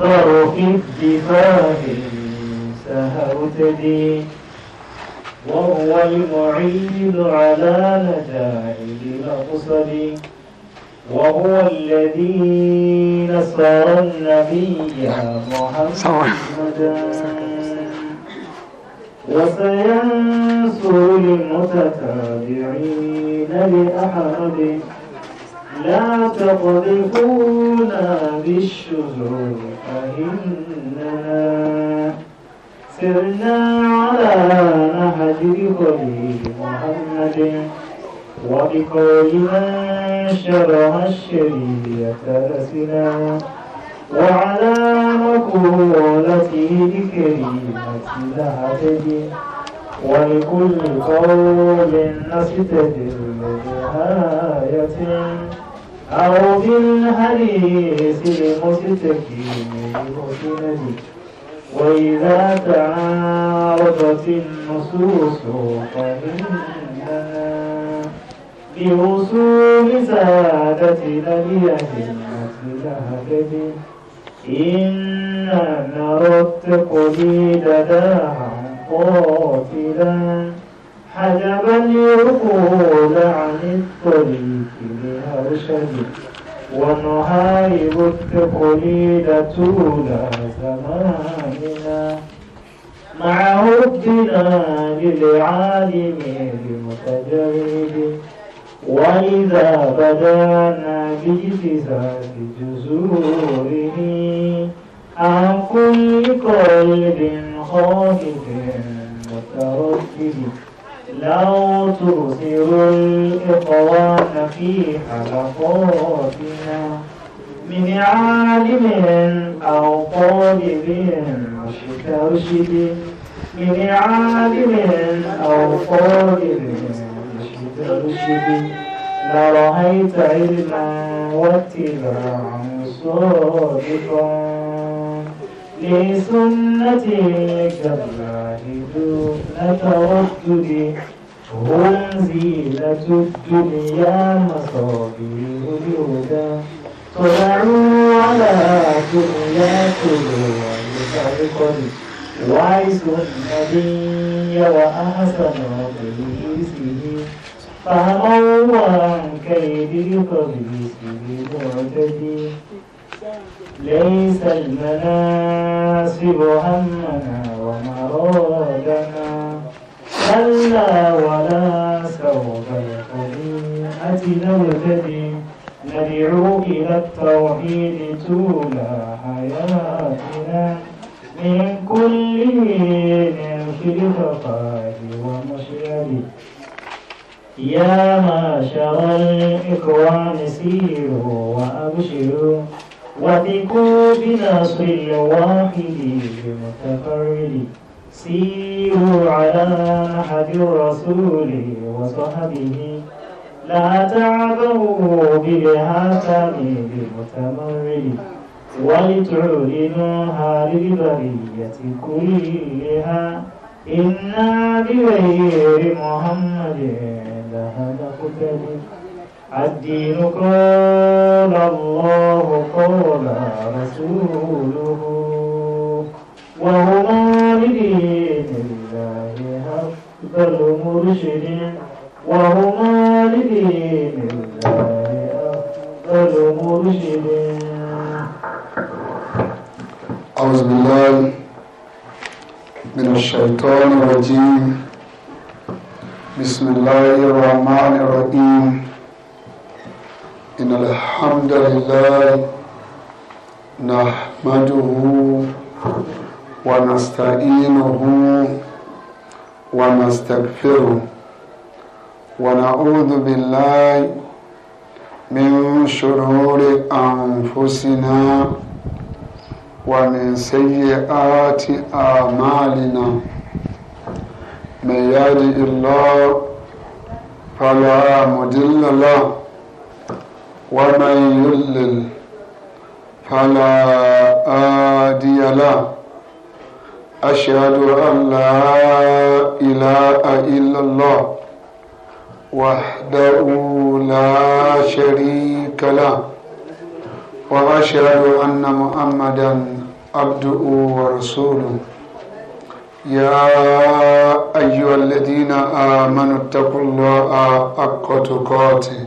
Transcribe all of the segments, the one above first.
تنظر في اتفاه سهوتني وهو المعين على نجاح المقصد وهو الذي نصر النبي محمدا وسينصر المتتابعين لأحمد لا تقذفونا بالشذوذ فإننا سرنا على نهج خليل محمد وبقول من شرع الشريعة رسلا وعلى مقولته بكريمة نهتدي ولكل قول نستدل بآية أو بالحديث المتكئين وإذا تعارضت النصوص فإننا بوصول سادة نبية مثل إنا نرى التقليد داعا قاتلا حجبا يقول عن الطريق أرشد ونهايب التقليد طول زماننا مع ربنا للعالم المتجرد وإذا بدانا بابتزاز جزوره عن كل قلب خائف متردد لو تؤثروا الإقوام في حلقاتنا من عالم أو طالب مسترشد من عالم أو طالب مسترشد لرأيت علما واتباعا صادقا في سنتي كالله دون توحدي هم زينة الدنيا مصابيح الهدى طلعوا على دنيا كلها مفرقا وعز النبي وأحسن قيسه فهموا عن كيد القبيس بمعتدي ليس المناسب همنا ومرادنا كلا ولا سوف الحرية نرتدي ندعو إلى التوحيد طول حياتنا من كل نرشد فقاه ومشهد يا معشر الإخوان سيروا وأبشروا وبكوا بنصر الواحد المتفرد سيروا على أحد الرسول وصحبه لا تعبوا بالهاتم بالمتمرد ولتعلنوها للبرية كلها إنا بغير محمد لهذا قدر الدين قال الله قال رسوله وهما لدين الله أفضل مرشد وهما لدين الله أفضل مرشد أعوذ بالله من الشيطان الرجيم بسم الله الرحمن الرحيم إن الحمد لله نحمده ونستعينه ونستغفره ونعوذ بالله من شرور أنفسنا ومن سيئات أعمالنا من يهد الله فلا مضل له ومن يضلل فلا آدي له أشهد أن لا إله إلا الله وحده لا شريك له وأشهد أن محمدا عبده ورسوله يا أيها الذين آمنوا اتقوا الله حق تقاته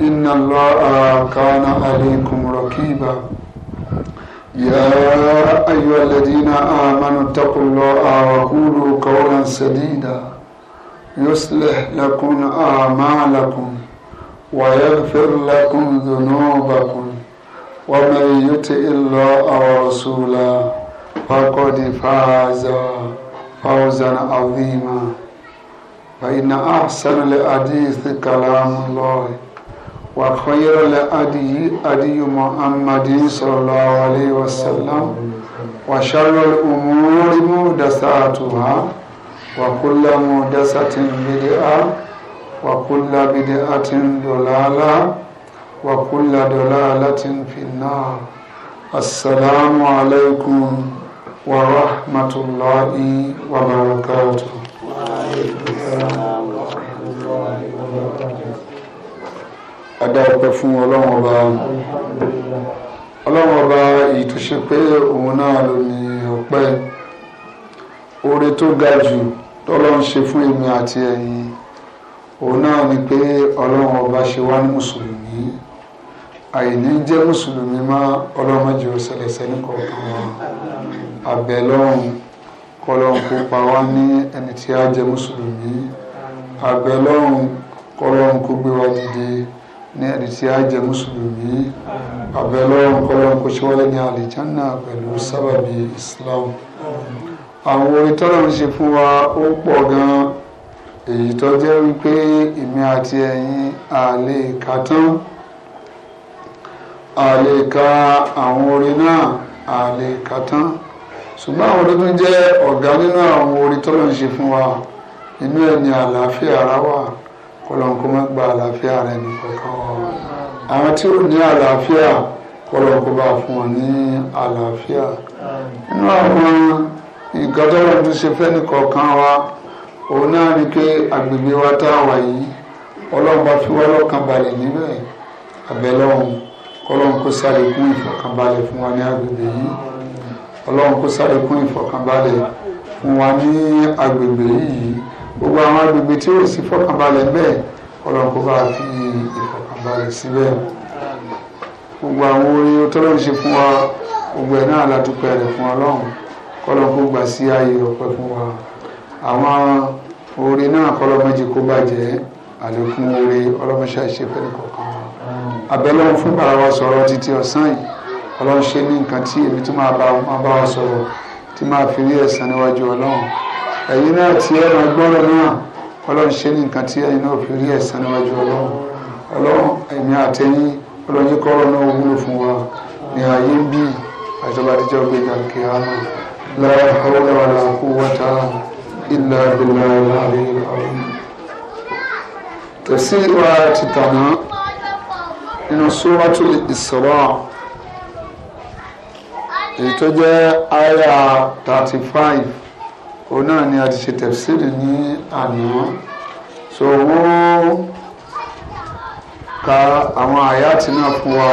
إن الله كان عليكم ركيبا يا أيها الذين آمنوا اتقوا الله وقولوا قولا سديدا يصلح لكم أعمالكم ويغفر لكم ذنوبكم ومن يطع الله ورسوله فقد فاز فوزا عظيما فإن أحسن الحديث كلام الله وخير الأدي أدي محمد صلى الله عليه وسلم وشر الأمور مهدساتها وكل مهدسة بدعة وكل بدعة ضلالة وكل ضلالة في النار السلام عليكم ورحمة الله وبركاته وعليكم السلام adá ọpẹ́ fún ọlọ́run ọba ọlọ́run ọba èyí tó ṣe pé òun náà ló ní ọpẹ́ oore tó ga jù tọ́lọ́run ṣe fún èmi àti ẹ̀yin òun náà ni pé ọlọ́run ọba ṣe wá ní mùsùlùmí àìní jẹ́ mùsùlùmí má ọlọ́mọdé ọ̀sẹ̀lẹ̀sẹ̀ ní kọ̀ọ̀kan wọn abẹ́ lọ́run kọlọ́run kó pa wá ní ẹni tí a jẹ́ mùsùlùmí abẹ́ lọ́run kọlọ́run kó gbé wa dìde ní ẹni tí a jẹ mùsùlùmí àbẹ̀lọ́run kọ́lọ́run kò ṣe wọlé ní àlìjánà pẹ̀lú sábàbí Islam àwọn ìtọ́lọ́run ṣe fún wa ó pọ̀ gan èyí tó jẹ́ wípé èmi àti ẹ̀yin a lè kà ka àwọn orin náà a lè kà tán ṣùgbọ́n àwọn orin tó jẹ́ ọ̀gá nínú àwọn orin tọ́lọ́run ṣe fún wa inú ẹ̀ ní àlàáfíà ara wà kọlọ́nkó má gba àlàáfíà rẹ̀ nìkan àwọn tí ò ní àlàáfíà kọlọ́nkó bá fún ọ ní àlàáfíà nínú àwọn nǹkan tó lọ́n tún ṣe fẹ́ni kọ̀ọ̀kan wa òun náà ni pé agbègbè wa tá a wà yìí ọlọ́run bá fi wá lọ́kàn balẹ̀ níbẹ̀ àbẹ̀lọ́run kọlọ́run kó ṣàlékún ìfọ̀kànbalẹ̀ fún wa ní agbègbè yìí ọlọ́run kó ṣàlékún ìfọ̀kànbalẹ̀ fún wa ní agbègbè yìí gbogbo àwọn agbègbè tí yóò sì fọkànbalẹ̀ bẹ́ẹ̀ ọlọ́run kó bá fi ìfọkànbalẹ̀ síbẹ̀ gbogbo àwọn orin tọ́lọ́run ṣe fún wa gbogbo ẹ̀ náà látúpẹ́ rẹ̀ fún ọlọ́run kọ́lọ́run kó gbà sí ààyè ọpẹ́ fún wa àwọn orin náà kọ́lọ́mọ́jì kó bàjẹ́ àlékún orin ọlọ́mọṣẹ́ ṣe fẹ́ nìkọ̀ọ̀kan abẹ́lẹ́wọ̀n fún bàrà wa títí ọ̀sán yìí ọlọ́run ṣe ní nǹkan tí èmi tó máa bá wa sọ̀rọ̀ tí máa fi rí ẹ̀san níwájú ọlọ́run ẹ̀yin náà tí ẹ máa gbọ́rọ̀ náà ọlọ́run ṣe ní nǹkan tí ẹ̀yin náà fi rí ẹ̀san níwájú ọlọ́run ọlọ́run ẹ̀mí àtẹ̀yìn ọlọ́run yìí kọ́rọ̀ náà wúlò fún wa ní ayé ń bí àjọba àtijọ́ gbé gàkè àmà la hawla wala quwwata illa billahi al-aliyyil azim. tẹ̀sí wa ti tàná nínú suratul Isra èyí tó jẹ́ àyà thirty five òun náà ni a ti ṣe tẹ̀síìrì ní àná so wọ́n ka àwọn àyàtì náà fún wa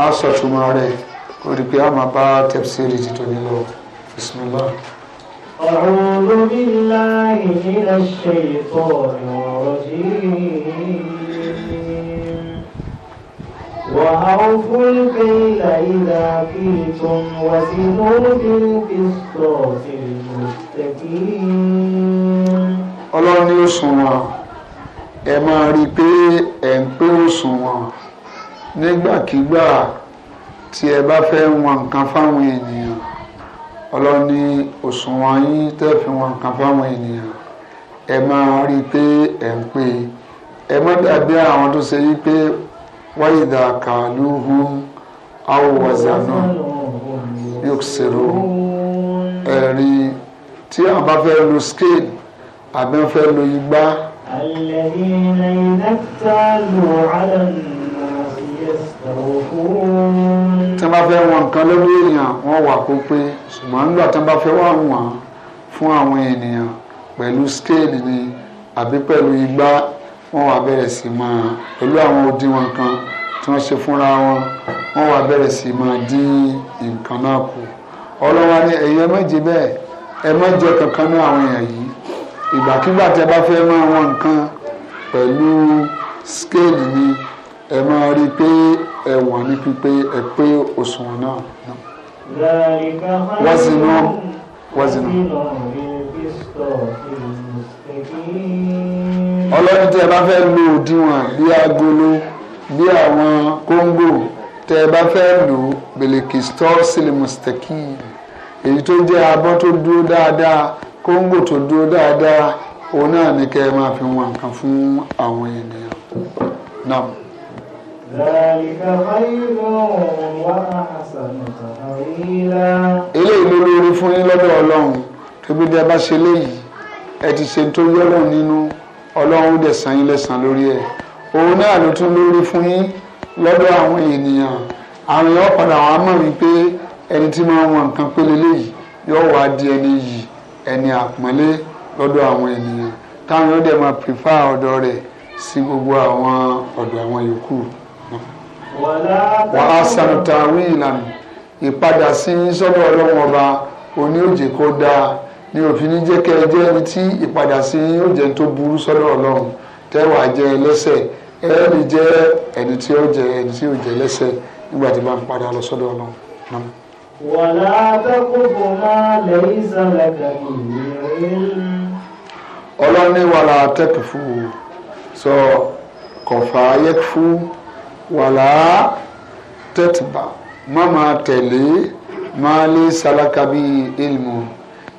a sọ̀túnmọ́ rẹ̀ ó rí pé a máa bá tẹ̀síìrì ti tó nílò bismillah. أعوذ بالله من الشيطان الرجيم وأوفوا الكيل إذا كلتم وزنوا بالقسطاس المستقيم ọlọ́run ni ó sùn wọn ẹ máa rí i pé ẹ ń pé ó sùn wọn nígbàkigbà tí ẹ bá fẹ́ wọn nǹkan fáwọn ènìyàn ọlọ́run òṣùwọ̀n yín tẹ́ fi wọn nǹkan fáwọn ènìyàn ẹ máa rí i pé ẹ ń pé ẹ má dàbí àwọn tó ṣe yí pé وإذا كالوهم أو وزنوهم يكسرون ẹ̀rí تي a bá fẹ́ lo scale àbẹ́ fẹ́ lo igbá. الذين إذا اكتالوا على الناس يستوفون. tí a bá fẹ́ wọn nǹkan lórí èèyàn wọ́n wà kó pé ṣùgbọ́n nígbà tí bá fẹ́ wà wọ́n fún àwọn ènìyàn pẹ̀lú scale ni àbí pẹ̀lú igbá wọ́n wá bẹ̀rẹ̀ sí máa pẹ̀lú àwọn òdiwọ̀n kan tí wọ́n ṣe fúnra wọn wọ́n wá bẹ̀rẹ̀ sí máa dín nǹkan náà kù ọlọ́wà ni ẹ̀yin ẹ má bẹ́ẹ̀ ẹ má kankan ní àwọn èèyàn yìí ìgbàkigbà tí ẹ bá fẹ́ máa wọn nǹkan pẹ̀lú scale ni ẹ máa rí i pé ẹ wọ̀n ní pípé ẹ pé òṣùwọ̀n náà. wọ́n sì náà wọ́n sì náà ọlọ́run tí ẹ bá fẹ́ lo òdiwọ̀n bí agolo bí àwọn kóńgò tẹ ẹ bá fẹ́ lò bèlèkìtọ́ sílẹ̀mùsítẹ́kì èyí tó jẹ́ abọ́ tó dúró dáadáa kóńgò tó dúró dáadáa òun náà ní kẹ́ ẹ máa fi wọn nǹkan fún àwọn ènìyàn náà. eléyìí ló lórí fún yín lọ́dọ̀ ọlọ́run tóbi dẹ́ bá ṣe léyìí ẹ ti ṣe tó yọ́rọ̀ nínú ọlọ́run dẹ̀ san yín lẹ́san lórí ẹ̀ òun náà ló tún lórí fún yín lọ́dọ̀ àwọn ènìyàn àwọn èèyàn padà wọn á mọ̀ wípé ẹni tí máa ń wọn nǹkan pélé léyìí yóò wá di ẹni yìí ẹni àpọ́nlé lọ́dọ̀ àwọn ènìyàn táwọn yóò dẹ̀ máa pèfà ọ̀dọ̀ rẹ̀ sí gbogbo àwọn ọ̀dọ̀ àwọn yòókù. wàá sàǹtà wíìlànà ìpadà sí sọ́dọ̀ ọlọ́run ọba oní òjè dáa ni òfin ní jẹ́ kẹ́ ẹ jẹ́ ẹni tí ìpadà sí yín yóò jẹ́ tó burú sọ́dọ̀ ọlọ́run tẹ́wà jẹ́ ẹlẹ́sẹ̀ ẹni jẹ́ ẹni tí ó jẹ́ ẹni tí ó jẹ́ ẹlẹ́sẹ̀ nígbà tí máa ń padà lọ sọ́dọ̀ ọlọ́run. wàlá àtàkùnkùn máa lẹ́yìn sọ̀rọ̀ kàkì ọlọ́ni wàlá àtàkùnkù sọ kọ̀fà yẹ́kùfù wàlá tẹ̀tìbà má máa tẹ̀lé máa lé sálákàbí ilmu.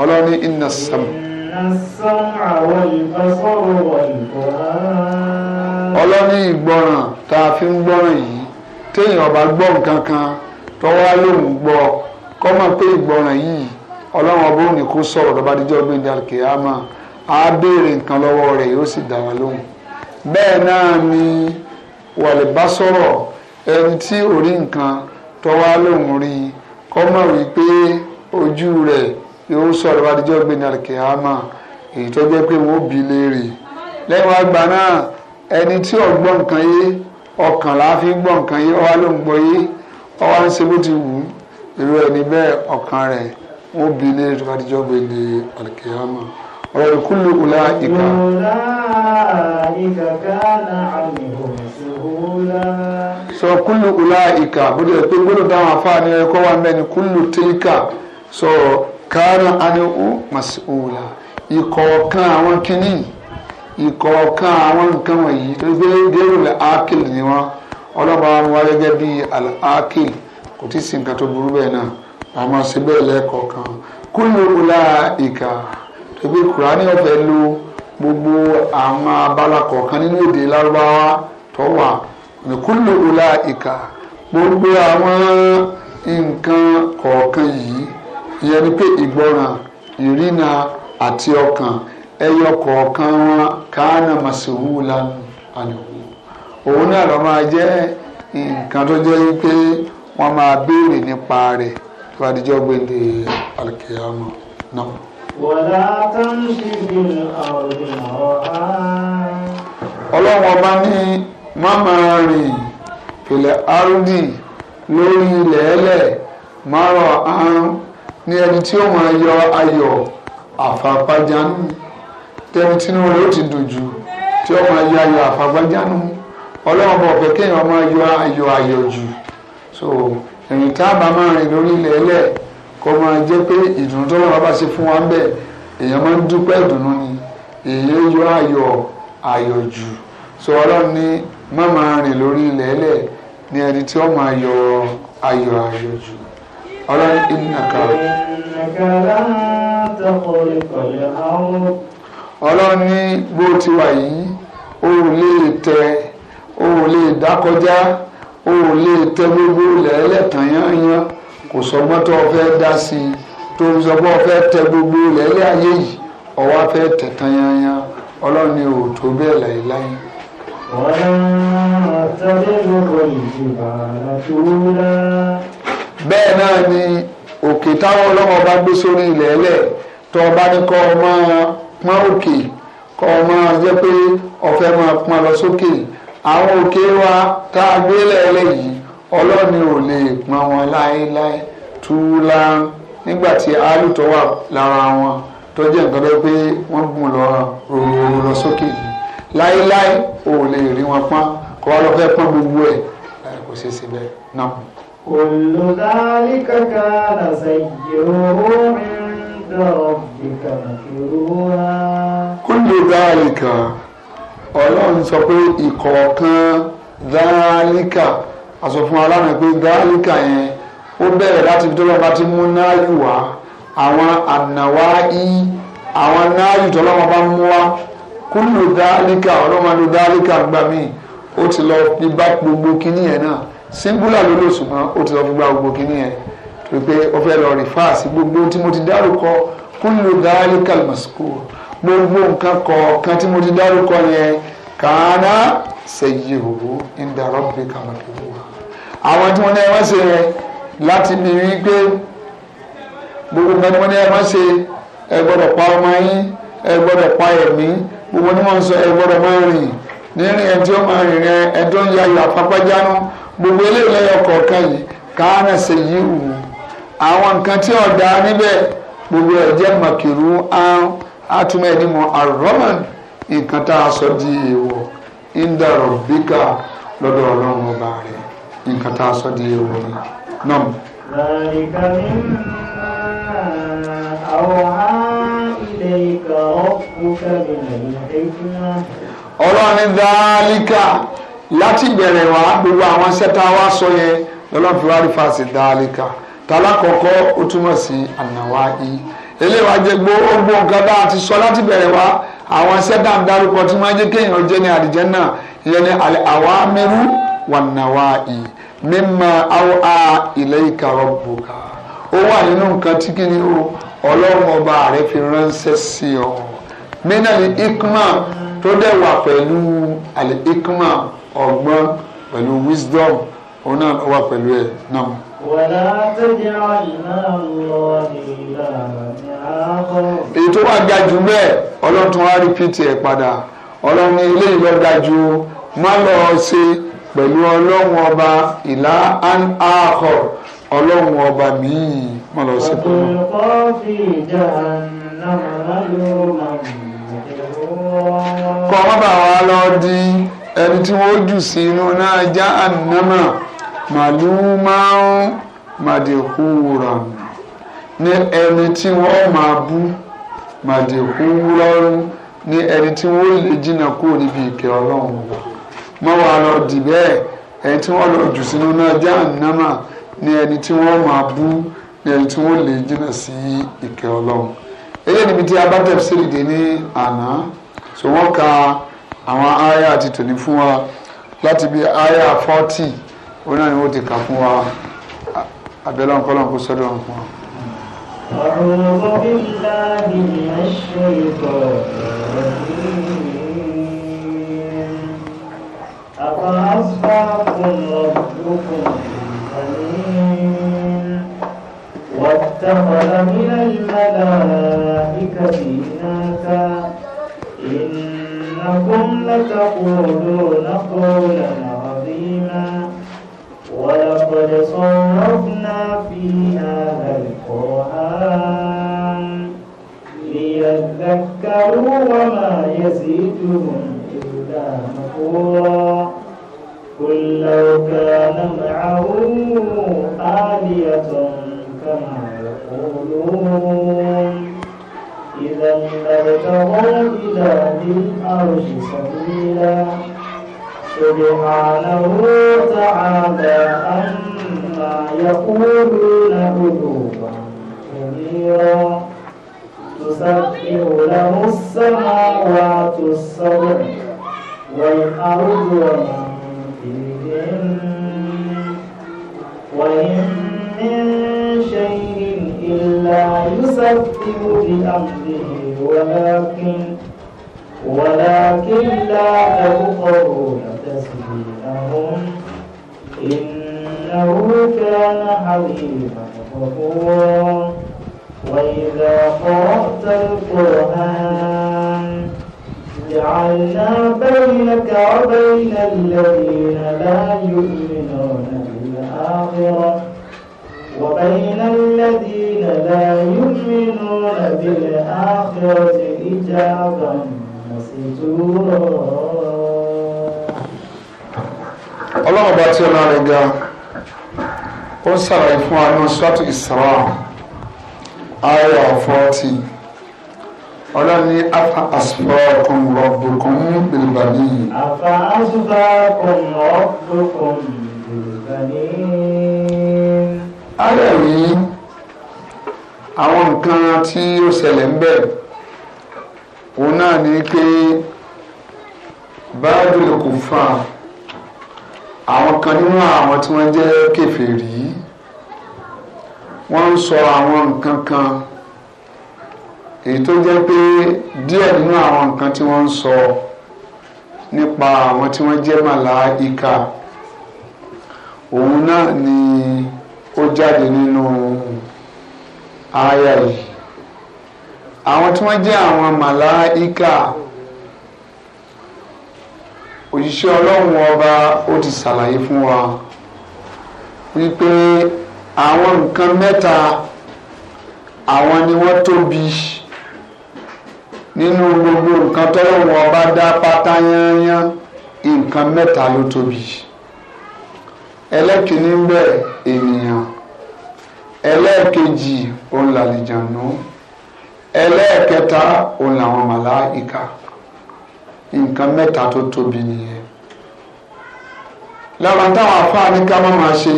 ọlọ́ni iná sàm. ọlọ́ni ìgbọràn tá a fi ń gbọ́ràn yìí téèyàn bá gbọ́ nǹkan kan tọ́wọ́ á lòun gbọ́ kọ́ mọ̀ pé ìgbọràn yìí ọlọ́run ọba òní kó sọ̀rọ̀ lọ́ba díjọ́ gbẹ̀ndé alkiyama á béèrè nǹkan lọ́wọ́ rẹ̀ yóò sì dá wa lóhùn bẹ́ẹ̀ náà ni wàlẹ̀ bá sọ̀rọ̀ ẹni tí ò rí nǹkan tọ́wọ́ á lòun rí kọ́ mọ̀ wípé ojú rẹ̀ yóò sọ̀rọ̀ adijọ́ gbé ní alikiyama èyí tó jẹ́ pé wọ́n bi léèrè lẹ́wọ̀n àgbà náà ẹni tí ò gbọ́ nǹkan yé ọkàn la fi gbọ́ nǹkan yé ọwá ló ń gbọ́ yé ọwá ń ṣe bó ti wù ú irú ẹni bẹ́ẹ̀ ọkàn rẹ̀ wọ́n bi léèrè tó adijọ́ gbé ní alikiyama ọ̀rọ̀ ìkúlù ọ̀la ìka. sọ kúlù ọ̀la ìka bó ti rẹ̀ pé gbọ́dọ̀ dáhùn afáàní ẹ̀kọ́ wa mẹ́ni kúlù tílíkà sọ. So, kánú anihu masuula ìkọ̀ọ̀kan àwọn kínní ìkọ̀ọ̀kan àwọn nǹkan wọ̀nyí torí pé gẹ́rù lẹ́ ákìlì ni wọ́n ọlọ́ba wa gẹ́gẹ́ bí ákìlì kò tí ì sí nǹkan tó burú bẹ́ẹ̀ náà àmọ́ ṣe bẹ́ẹ̀ lẹ́ẹ̀kọ̀ọ̀kan kúlù ọ̀la ìkà torí pé kùránì ọ̀fẹ́ lo gbogbo àwọn abala kọ̀ọ̀kan nínú èdè lárúbáwá tó wà ní kúlù ọ̀la ìkà gbogbo àwọn nǹkan kọ̀ọ̀kan yìí ìyẹn ni pé ìgbọràn ìrìnà àti ọkàn ẹyọ kọ̀ọ̀kan wọn káánà màsíwúlà àlùkò òun náà lọ máa jẹ́ nǹkan tó jẹ́ pé wọ́n máa béèrè nípa rẹ̀ tó bá dijọ́ gbélé alkiyama náà. wàlá táǹkì bíi àwòrán ọ̀hán. ọlọ́run ọba ní wọ́n máa rìn pẹ̀lẹ́ arúdì lórí ilẹ̀ ẹlẹ̀ márùn-ún ní ẹni tí ó máa yọ ayọ̀ àfàpájánú tẹni tínú rẹ̀ ó ti dùn jù tí ó máa yọ ayọ̀ àfàpájánú ọlọ́run bọ̀ fẹ́ kéèyàn máa yọ ayọ̀ ayọ̀ jù so ẹ̀yìn tá a bá máa rìn lórí ilẹ̀ ẹlẹ̀ kó máa jẹ́ pé ìdùnnú tó lọ́wọ́ bá ṣe fún wa bẹ́ẹ̀ èèyàn máa ń dúpẹ́ ìdùnnú ni èèyàn yọ ayọ̀ ayọ̀ jù so ọlọ́run ní má máa rìn lórí ilẹ̀ ẹlẹ̀ ní ẹni tí ó máa yọ ayọ̀ ayọ̀ jù. ọlọ́ni ìnàkà ọlọ́ni bó ti wà yìí o ò lè tẹ o ò lè dákọjá gbogbo kò sọ mọ́tò ọ̀fẹ́ dá sí i tó ń sọ pé ọ̀fẹ́ tẹ gbogbo lẹ́lẹ́ ayé ọwọ́ afẹ́ tẹ̀tàn bẹ́ẹ̀ náà ni òkè táwọn ọlọ́mọ bá gbé sórí ilẹ̀ ẹlẹ̀ tó o bá ní kọ́ ọ máa pọ́n òkè kọ́ ọ máa jẹ́ pé ọ̀fẹ́ máa pọ́n lọ sókè àwọn òkè wa tá a gbé lẹ́ẹ̀lẹ́ yìí ọlọ́ni ò lè pọ́n wọn láéláé túlá nígbà tí áálù wà lára wọn tó jẹ́ nǹkan tó pé wọ́n gùn lọ ròrò lọ sókè láéláé ò lè rí wọn pọ́n kọ́ ọ lọ fẹ́ pọ́n gbogbo ẹ̀ kò ṣeé ṣe bẹ́ẹ̀ náà. كل ذلك كان سيئه عند ربك مكروها كل ذلك ọlọ́run sọ pé ìkọ̀ọ̀kan dáálíkà àsọ fún aláàmì pé dáálíkà yẹn ó bẹ̀rẹ̀ láti fi tọ́lọ́ba ti mú náàyù wá àwọn ànàwá í àwọn náàyù tọ́lọ́ba bá mú wá kúlù dáálíkà ọlọ́mọdé dáálíkà gbà míì ó ti lọ fi bá gbogbo kínní yẹn náà símbúlà ló lò ṣùgbọ́n ó ti lọ fi gba gbogbo kínní yẹn torí pé ó fẹ́ lọ rìfà sí gbogbo tí mo ti dárúkọ kúlù dáálí kàlùmọ̀síkò gbogbo nǹkan kọ̀ọ̀kan tí mo ti dárúkọ yẹn kàánà ṣèyí òwò ìdàrọ̀ bí kàwọn òwò àwọn tí wọ́n ní ẹ wọ́n ṣe yẹn láti mi rí pé gbogbo nǹkan tí wọ́n ní ẹ wọ́n ṣe ẹ gbọ́dọ̀ pa ọmọ yín ẹ gbọ́dọ̀ pa ẹ̀mí gbogbo ni wọ́n sọ ẹ gbọ́dọ̀ máa rìn nírìn ẹ tí ó máa rìn rẹ ẹ tó ń ya ìyá pápá jánu gbogbo eléyìí lẹ́yọ kọ̀ọ̀kan yìí káàna ṣe yí wù ú àwọn nǹkan tí ọ̀dà níbẹ̀ gbogbo ẹ̀ jẹ́ màkìrú àtúmọ̀ ẹni mọ̀ àrọ́mọ̀n nǹkan tá a sọ di èèwọ̀ ìndàrọ̀ bíkà lọ́dọ̀ ọlọ́run ọba rẹ̀ nǹkan tá a sọ di èèwọ̀ náà. ذلك مما أوحى إليك ربك من الحكمة. ọlọ́run ní dáálíkà láti bẹ̀rẹ̀ wá gbogbo àwọn sẹ́ta wá sọ yẹn lọ́lọ́fi wá rí fàṣẹ dáálíkà tàlákọ̀ọ́kọ́ ó túmọ̀ sí ànáwá yìí eléwà jẹ gbogbo nǹkan bá a ti sọ láti bẹ̀rẹ̀ wá àwọn sẹ́ta ń darúkọ tí máa jẹ́ kéèyàn jẹ́ ní àdìjẹ́ náà ìyẹn ní àwa mẹ́rú wà náwá yìí mímọ àwọn a ilẹ̀ ìkàrọ̀ bùkà ó wà nínú nǹkan tí kí ni ó ọlọ́run ọba rẹ fi ránṣẹ́ ikma tó dẹ̀ wà pẹ̀lú àlè ikma ọgbọ́n pẹ̀lú wisdom òun náà wà pẹ̀lú ẹ̀ náà. wàlá tẹ́jẹ́ àyìnlá lọ nílà ní àákọ́. èyí tó wà ga jù bẹ́ẹ̀ ọlọ́run tún wá rí pété ẹ̀ padà ọlọ́run ní ilé ìlọ́ pẹ̀lú ọlọ́run ọba ìlà àákọ́ ọlọ́run ọba míì má lọ ṣe pẹ̀lú. ọ̀pọ̀ fi ìjà náà lọ́ọ́ máa ń bọ̀. kọ́ ọ bá wa lọ dín. ẹni tí wọ́n jù sí inú náà já ànámà màlú máa ń màdìkúra ní ẹni tí wọ́n máa bú màdìkúra ní ẹni tí wọ́n lè jìnnà kúrò níbi ìkẹ́ ọlọ́run mọ́ wàá lọ dì bẹ́ẹ̀ ẹni tí wọ́n lọ jù sínú náà já ànámà àwọn aya àti tòní fún wa láti bí aya fọ́tì òun náà ni wọ́n ti kà fún wa abẹ́lẹ́ ọ̀kọ́lọ́ kó sọ́dọ̀ wọn fún wa. أعوذ بالله من الشيطان الرجيم أفأصفاكم ربكم بنين واتخذ من الملائكة إناثا إن إنكم لتقولون قولا عظيما ولقد صرفنا في هذا القرآن ليذكروا وما يزيدهم إلا نفورا قل لو كان معه آلية كما يقولون إذا لابتغوا إلى ذي العرش سبيلا سبحانه تعالى عما يقولون علوا كبيرا تسبح له السماوات السبع والأرض ومن فيهن وإن من الله يسبح بأمره ولكن ولكن لا تبصرون تسبيحهم إنه كان حليما غفورا وإذا قرأت القرآن جعلنا بينك وبين الذين لا يؤمنون بالآخرة وبين الذين لا يؤمنون بالآخرة حجابا ستورا ọlọ́run bá tí ó náà lè ga ó ń ṣàlàyé fún wa ní ṣọ́ọ̀tù Isra ayọ̀ fọ́ọ̀tì ọlọ́run ní afa asfakum rabbukum bil banin. afa asfakum rabbukum bil banin a rẹ̀ rí àwọn nǹkan tí ó ṣẹlẹ̀ ń bẹ̀ òun náà ni pé báàdùlù kò fà àwọn kan nínú àwọn tí wọ́n jẹ́ kèfèrí wọ́n ń sọ àwọn nǹkan kan èyí tó jẹ́ pé díẹ̀ nínú àwọn nǹkan tí wọ́n ń sọ nípa àwọn tí wọ́n jẹ́ màláìka òun náà ni. Ni ó jáde nínú àyà yìí àwọn tí wọ́n jẹ́ àwọn màláíkà òjíṣẹ́ ọlọ́run ọba ó ti ṣàlàyé fún wa wípé àwọn nǹkan mẹ́ta àwọn ni wọ́n tóbi nínú gbogbo nǹkan tọ́lọ́run ọba dá pátá yányán nǹkan mẹ́ta ló tóbi ẹlẹ́kìnní ń bẹ ènìyàn ẹlẹ́ẹ̀kejì òun làlìjànú ẹlẹ́ẹ̀kẹta òun làwọn màláìka nǹkan mẹ́ta tó tóbi nìyẹn lára táwọn afáàní ká má máa ṣe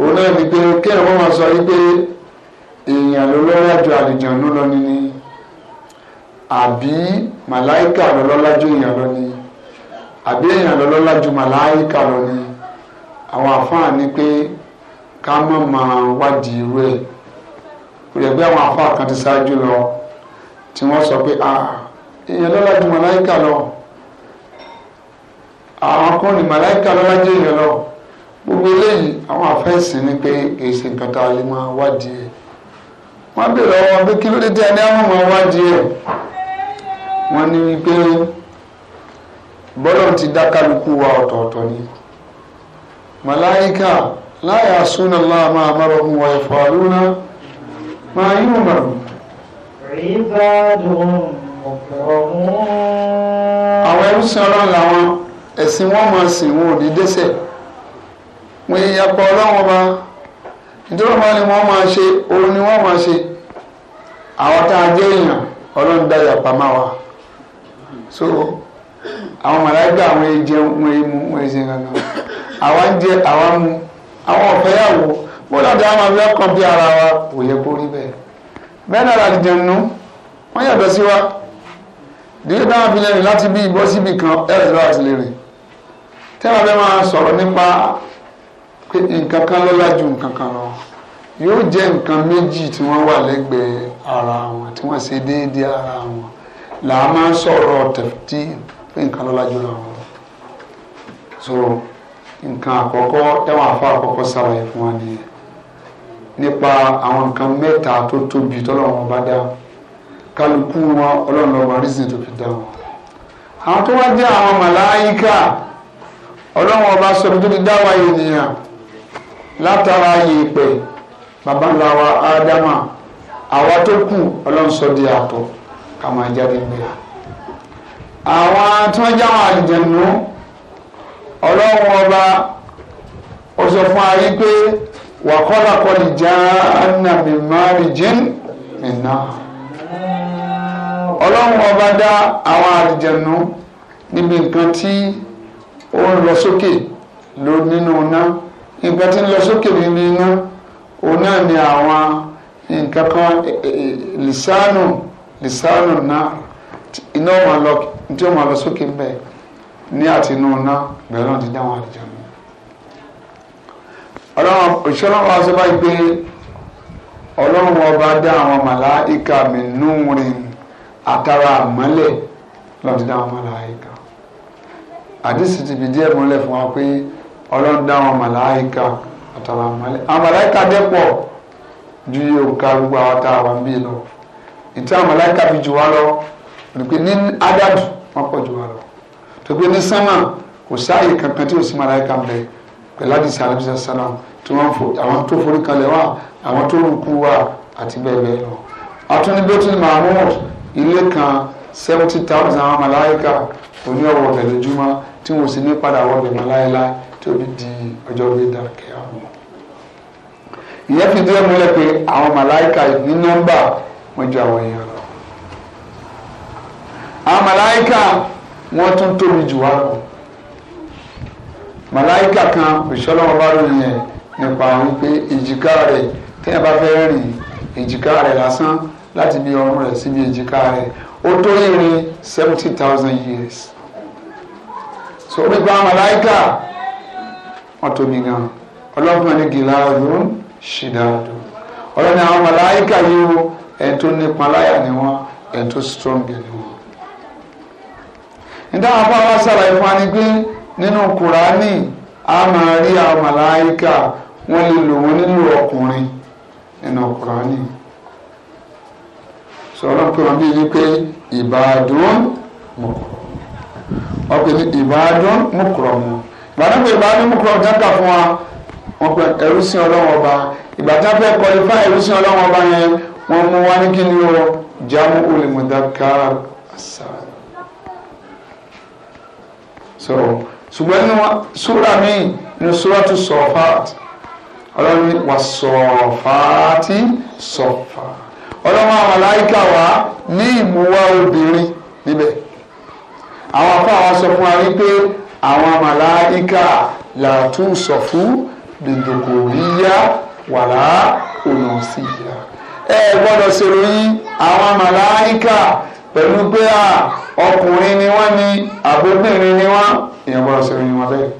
òun náà ni pé kéèyàn má máa sọ wípé èèyàn ló lọ́lá àlìjànú lọ ní ni àbí màláìka ló lọ́lá ju èèyàn lọ ní àbí èèyàn ló lọ́lá ju màláìka lọ ní. àwọn àfáà ní pé ká mọ̀ máa wádìí irú ẹ̀ kò lè gbé lọ tí wọ́n sọ pé a èèyàn lọ́la ju màláìkà lọ àwọn kan ní màláìkà lọ́la jẹ́ lọ gbogbo eléyìí àwọn ni pé kì í ṣe nǹkan tá a lè máa wádìí wọ́n bèrè ọwọ́ pé kí ló dé tí a ní àwọn wádìí ní wípé bọ́lọ̀ ti dá kálukú wa màláìkà láyà súnà láàmà àmàrọ̀ ń wà ẹ̀fọ́ àlúna máa yí wọn màrú. ìbádùn ọ̀pọ̀lọpọ̀. àwọn ẹrú sí ọlọ́run làwọn ẹ̀sìn wọn máa sìn wọn ò ní dẹ́ṣẹ̀ wọn èèyàn pa ọlọ́run ọba nítorí wọn ni wọn máa ṣe òun ni wọn máa ṣe àwọn tá a jẹ́ èèyàn ọlọ́run dáyà pamọ́ wa so àwọn màláìkà àwọn èèyàn wọn èèmú wọn èèyàn gangan àwa ń jẹ àwa ń mu àwọn ọ̀fẹ́yàwó bó láti àwọn àmì ọkàn bí ara wa kò yẹ kó rí bẹ́ẹ̀ bẹ́ẹ̀ náà láti jẹun wọ́n yàtọ̀ sí wa dídí táwọn fi lè rìn láti bí ìbọn síbi kan ẹ̀rẹ̀ lọ́wọ́ àti lè rìn tẹ́wọ́n fẹ́ máa sọ̀rọ̀ nípa nǹkan kan lọ́lá ju nǹkan kan lọ yóò jẹ́ nǹkan méjì tí wọ́n wà lẹ́gbẹ̀ẹ́ ara wọn tí wọ́n ṣe déédéé ara wọn là máa ń sọ̀rọ̀ tẹ̀fítì fún nǹkan lọ́lá jùlọ wọn. so nǹkan àkọ́kọ́ táwọn àfa àkọ́kọ́ ṣàlàyé fún wa nìyẹn nípa àwọn nǹkan mẹ́ta tó tóbi tọ́lọ́wọ́n bá dá kálukú wọn ọlọ́run lọ́wọ́ reason tó fi dá wọn. àwọn tó wá jẹ́ àwọn màláyíkà ọlọ́run ọba sọ tó ti dá wa ènìyàn látara yèèpẹ̀ bàbá ńlá wa ádámà àwa tó kù ọlọ́run sọ di àtọ̀ ká máa jáde gbé. àwọn tí wọ́n jẹ́ àwọn àjẹ̀nú ọlọ́run ọba ó sọ fún ayé pé wàkọ́lá kọ́lì já anna mi máa ọlọ́run ọba dá àwọn àlìjẹ̀nu níbi nǹkan tí ó ń nínú náà ni àwọn nǹkan kan e, e, e, lisanu náà iná ó lọ ní àtinú ná bẹ̀rẹ̀ náà ti dáwọn àlejò mi. ọlọ́run òṣìṣẹ́ náà wá sí báyìí pé ọlọ́run ọba dá àwọn màláìka mi núurin àtàrà àmọ́lẹ̀ lọ́ọ́ ti dá àwọn màláìka. àdìsí ti fi díẹ̀ múlẹ̀ fún wa pé ọlọ́run dá àwọn màláìka àtàrà àmọ́lẹ̀. àwọn màláìka dẹ́pọ̀ ju iye òǹkà gbogbo àwọn tá a wà ń bí lọ. ìtí àwọn màláìka fi jù wá lọ ní ádàdù wọ́n pọ̀ jù wá lọ tóbi ní sánmà kò sáàyè kankan tí ò sí màláìka ń bẹ pẹ̀lú àdìsí alábísà sánà tí wọ́n fò àwọn tó forí kalẹ̀ wà àwọn tó rúkú wà àti bẹ́ẹ̀ bẹ́ẹ̀ lọ. atúnibẹ́tún mahmood ilé kan seventy thousand àwọn màláìka òní ọ̀wọ̀ rẹ̀ lójúmọ́ tí wọ́n sì ní padà wọ bẹ̀ màláìláì tóbi di ọjọ́ bí dàkẹ́ àwọn. ìyẹn fi díẹ̀ múlẹ̀ pé àwọn màláìka ní nọ́mbà wọ́n ju àwọn èèyàn lọ. àwọn màláìka wọ́n tún tóbi jù wá lọ màláìkà kan òṣìṣẹ́ lọ́wọ́ bá ròyìn ẹ̀ nípa wípé èjìká rẹ̀ tẹ́yìn bá fẹ́ rìn èjìká rẹ̀ lásán láti bí ọrùn rẹ̀ síbi èjìká rẹ̀ ó tó ìrìn seventy thousand years so nípa màláìkà wọ́n tóbi gan ọlọ́pàá ní gíláàdù ṣìdáàdù ọlọ́ni àwọn màláìkà yìí ó ẹ̀ tó nípa láyà ni wọ́n ẹ̀ tó strong ni wọ́n nítawọn afọ àwọn sàlàyé fún wa ni pé nínú kùránì a máa rí àwọn màláìka wọn lè lò wọn nílò ọkùnrin nínú kùránì sọ̀rọ̀ pé wọ́n bí wípé ìbádùn mọ̀kọ̀rọ̀ wọ́n pè ní ìbádùn mọ̀kọ̀rọ̀ mọ̀ ìbádùn pé ìbádùn mọ̀kọ̀rọ̀ dáńkà fún wa wọ́n pè ẹrú sí ọlọ́wọ́n ọba ìgbà tá kọlifá ẹrú sí ọlọ́wọ́n ọba yẹn wọ́n mú wá ní kí ni o jámù olùmọ̀dákàrà. so ṣùgbọ́n nínú súra míì nínú súra tó sọ̀fàt ọlọ́run wà sọ̀fàtì sọ̀fà ọlọ́run àwọn aláìka wá ní ìmúwá obìnrin níbẹ̀ àwọn afọ àwọn sọ fún wa wípé àwọn màláìka làtún sọ fún dòdòkòríyá wàlá ònà sí ìyá ẹ gbọ́dọ̀ ṣèròyìn àwọn màláìka. pẹ̀lú pé à ọkùnrin ni wọ́n ní àbóbìnrin ni wọ́n èèyàn gbọ́dọ̀ sí orin wọn bẹ́ẹ̀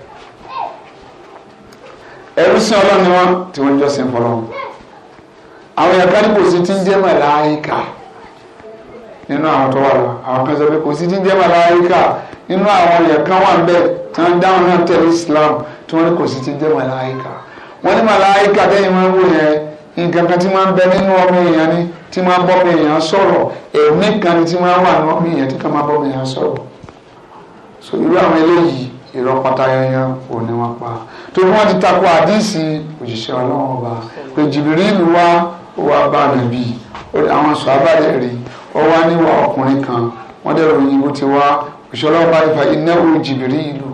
ẹrú sí ọlọ́run ni wọ́n tí wọ́n jọ sí fọlọ́run àwọn èèyàn ní kò sí tí ń jẹ́ nínú àwọn tó wà lọ àwọn kan sọ pé kò sí tí ń jẹ́ màláíkà nínú àwọn èèyàn kan wà níbẹ̀ tí wọ́n dáhùn náà tẹ̀lé Islam tí wọ́n ní kò sí tí ń jẹ́ ni wọ́n wò yẹn nǹkan kan ń bẹ nínú ọmọ èèyàn tí máa bọ́ mi èèyàn sọ̀rọ̀ ẹ̀mí kan ni tí máa wà ní ọmọ èèyàn tí kan máa bọ́ mi èèyàn sọ̀rọ̀ so irú àwọn eléyìí irọ́ pátá yanyan ò ní wọn pa torí wọ́n ti takò àdíìsì òṣìṣẹ́ ọlọ́run ọba pé jìbìrìlù wá ó wá bá nàbí àwọn sọ abájẹ rí ọ wá níwà ọkùnrin kan wọ́n dẹ̀ ròyìn bó ti wá òṣìṣẹ́ ọlọ́run bá nípa iná wo jìbìrìlù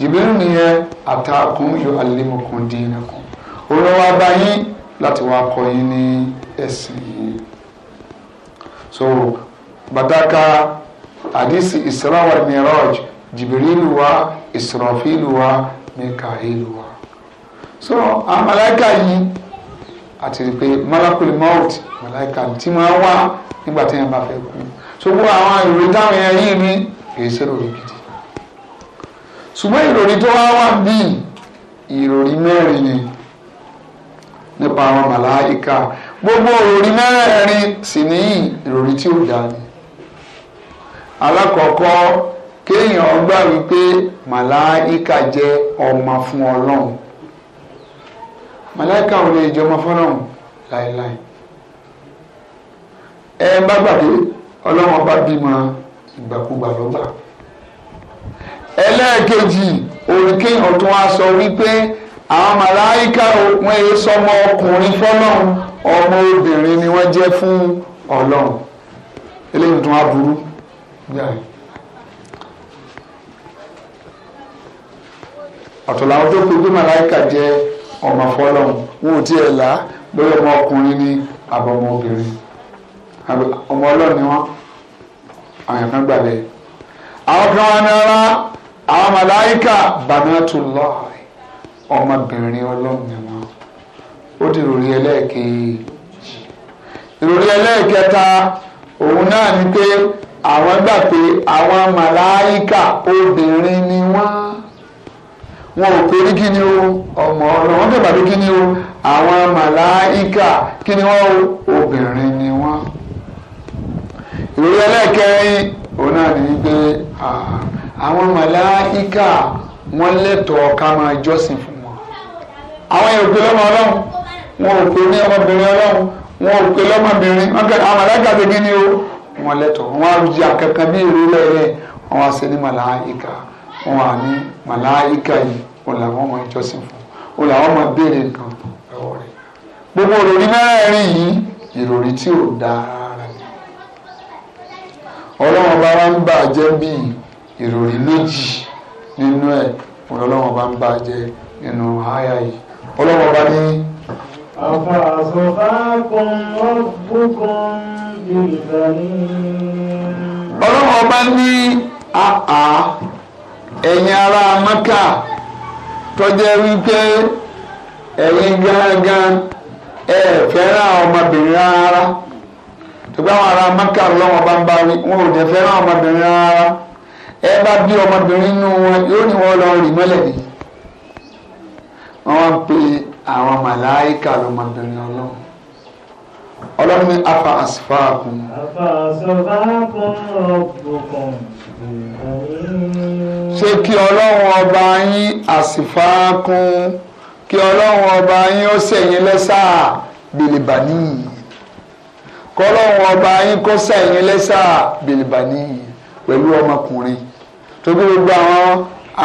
jìbìrìlù nìyẹn àtàkùn yóò alẹ́mọ̀kùn dín ẹ̀kọ́ òun lọ́wọ́ abáyín láti wá kọ́ yín ní ẹ̀sìn yìí so bataka àdìsí Isra wal Miraj Jibirilu wa Israfilu wa Mikailu wa so àwọn malaika yìí àti pé malakul maut malaika tí máa wá nígbà tí yẹn bá fẹ́ kú so gbogbo àwọn ìròyìn táwọn yẹn yìí ní èyí sẹ́rọ̀ rí gidi ṣùgbọ́n ìròyìn tó wá wà bíi ìròyìn mẹ́rin ni nípa àwọn màláíkà gbogbo òròrí mẹ́rẹ̀ẹ̀rin sì ní ìròrí tí ó dáa ni alákọ̀ọ́kọ́ kéèyàn gbà wípé màláìka jẹ́ ọmọ fún ọlọ́run màláìka ò lè jẹ́ ọmọ fọlọ́run láéláé ẹ bá gbàgbé ọlọ́run ọba bímọ ìgbàkúgbà lọ́gbà ẹlẹ́ẹ̀kejì òrìkè ọ̀tún aṣọ wípé àwọn màláìka wọn èé sọmọ ọkùnrin fọlọ́run ọmọ obìnrin ni wọ́n jẹ́ fún ọlọ́run eléyìí tún á burú jáì. ọ̀tọ̀ làwọn tó pe pé màláìka jẹ́ ọmọ fọlọ́run wọn ò tiẹ̀ là bóyá ọmọ ọkùnrin ni àbọ̀mọ obìnrin ọmọ ọlọ́run ni wọ́n àwọn kan gbà àwọn kan wà ní ara àwọn màláìka bàmí àtúntò lọ́ọ̀ ọmọbìnrin ọlọ́run ni wọ́n ó di ìròyìn ẹlẹ́ẹ̀kejì ìròyìn ẹlẹ́ẹ̀kẹta òun náà ni pé àwọn gbà pé àwọn màláìkà obìnrin ni wọ́n wọn ò pé kí ni o ọmọ ọlọ́run wọn tẹ̀gbà pé kí ni o àwọn màláìkà kí ni wọ́n obìnrin ni wọ́n ìròyìn ẹlẹ́ẹ̀kẹrin òun náà ni pé àwọn màláìkà wọ́n lẹ́tọ̀ọ́ ká máa jọ́sìn fún wọn àwọn èrò pé lọ́mọ ọlọ́run. wọn ò pè ní ọmọbìnrin ọlọ́run wọn ò pè lọ́mọbìnrin wọn àwọn aláìka kí ni o wọn lẹ́tọ̀ọ́ wọn á àkẹ́kẹ́ bí èrè lẹ́rẹ́ wọn á ṣe ní màláìka wọn ní màláìka yìí wọn làwọn ọmọ ìjọsìn fún wọn làwọn ọmọ béèrè nǹkan gbogbo mẹ́rẹ̀ẹ̀rin yìí ìròrí tí ò bá jẹ́ bí méjì nínú ẹ̀ bá ń jẹ́ nínú àyà yìí bá أفأصفاكم ربكم بالبنين ọlọ́run ọba ní àá ẹ̀yin ará mẹ́kà tọ́jẹ́ wípé ẹ̀yin gángan ẹ̀ fẹ́ràn ọmọbìnrin rárá tọ́gbà àwọn ará mẹ́kà lọ́wọ́ bá ń bá wí wọn ò dẹ̀ fẹ́ràn ọmọbìnrin rárá ẹ bá bí ọmọbìnrin nínú wọn yóò ní wọn lọ rìn mọ́lẹ̀ ni wọ́n pè é. àwọn màláìkà lọmọbìnrin ọlọ́run ọlọ́run ní afa asfaakun. afa asfaakun rabbukum. ṣé kí ọlọ́run ọba yín asfaakun kí ọlọ́run ọba yín ó sẹ̀yìn lẹ́sà bìlìbàní Ọlọ́run ọba yín kó sẹ̀yìn lẹ́sà bìlìbàní pẹ̀lú ọmọkùnrin tó bí gbogbo àwọn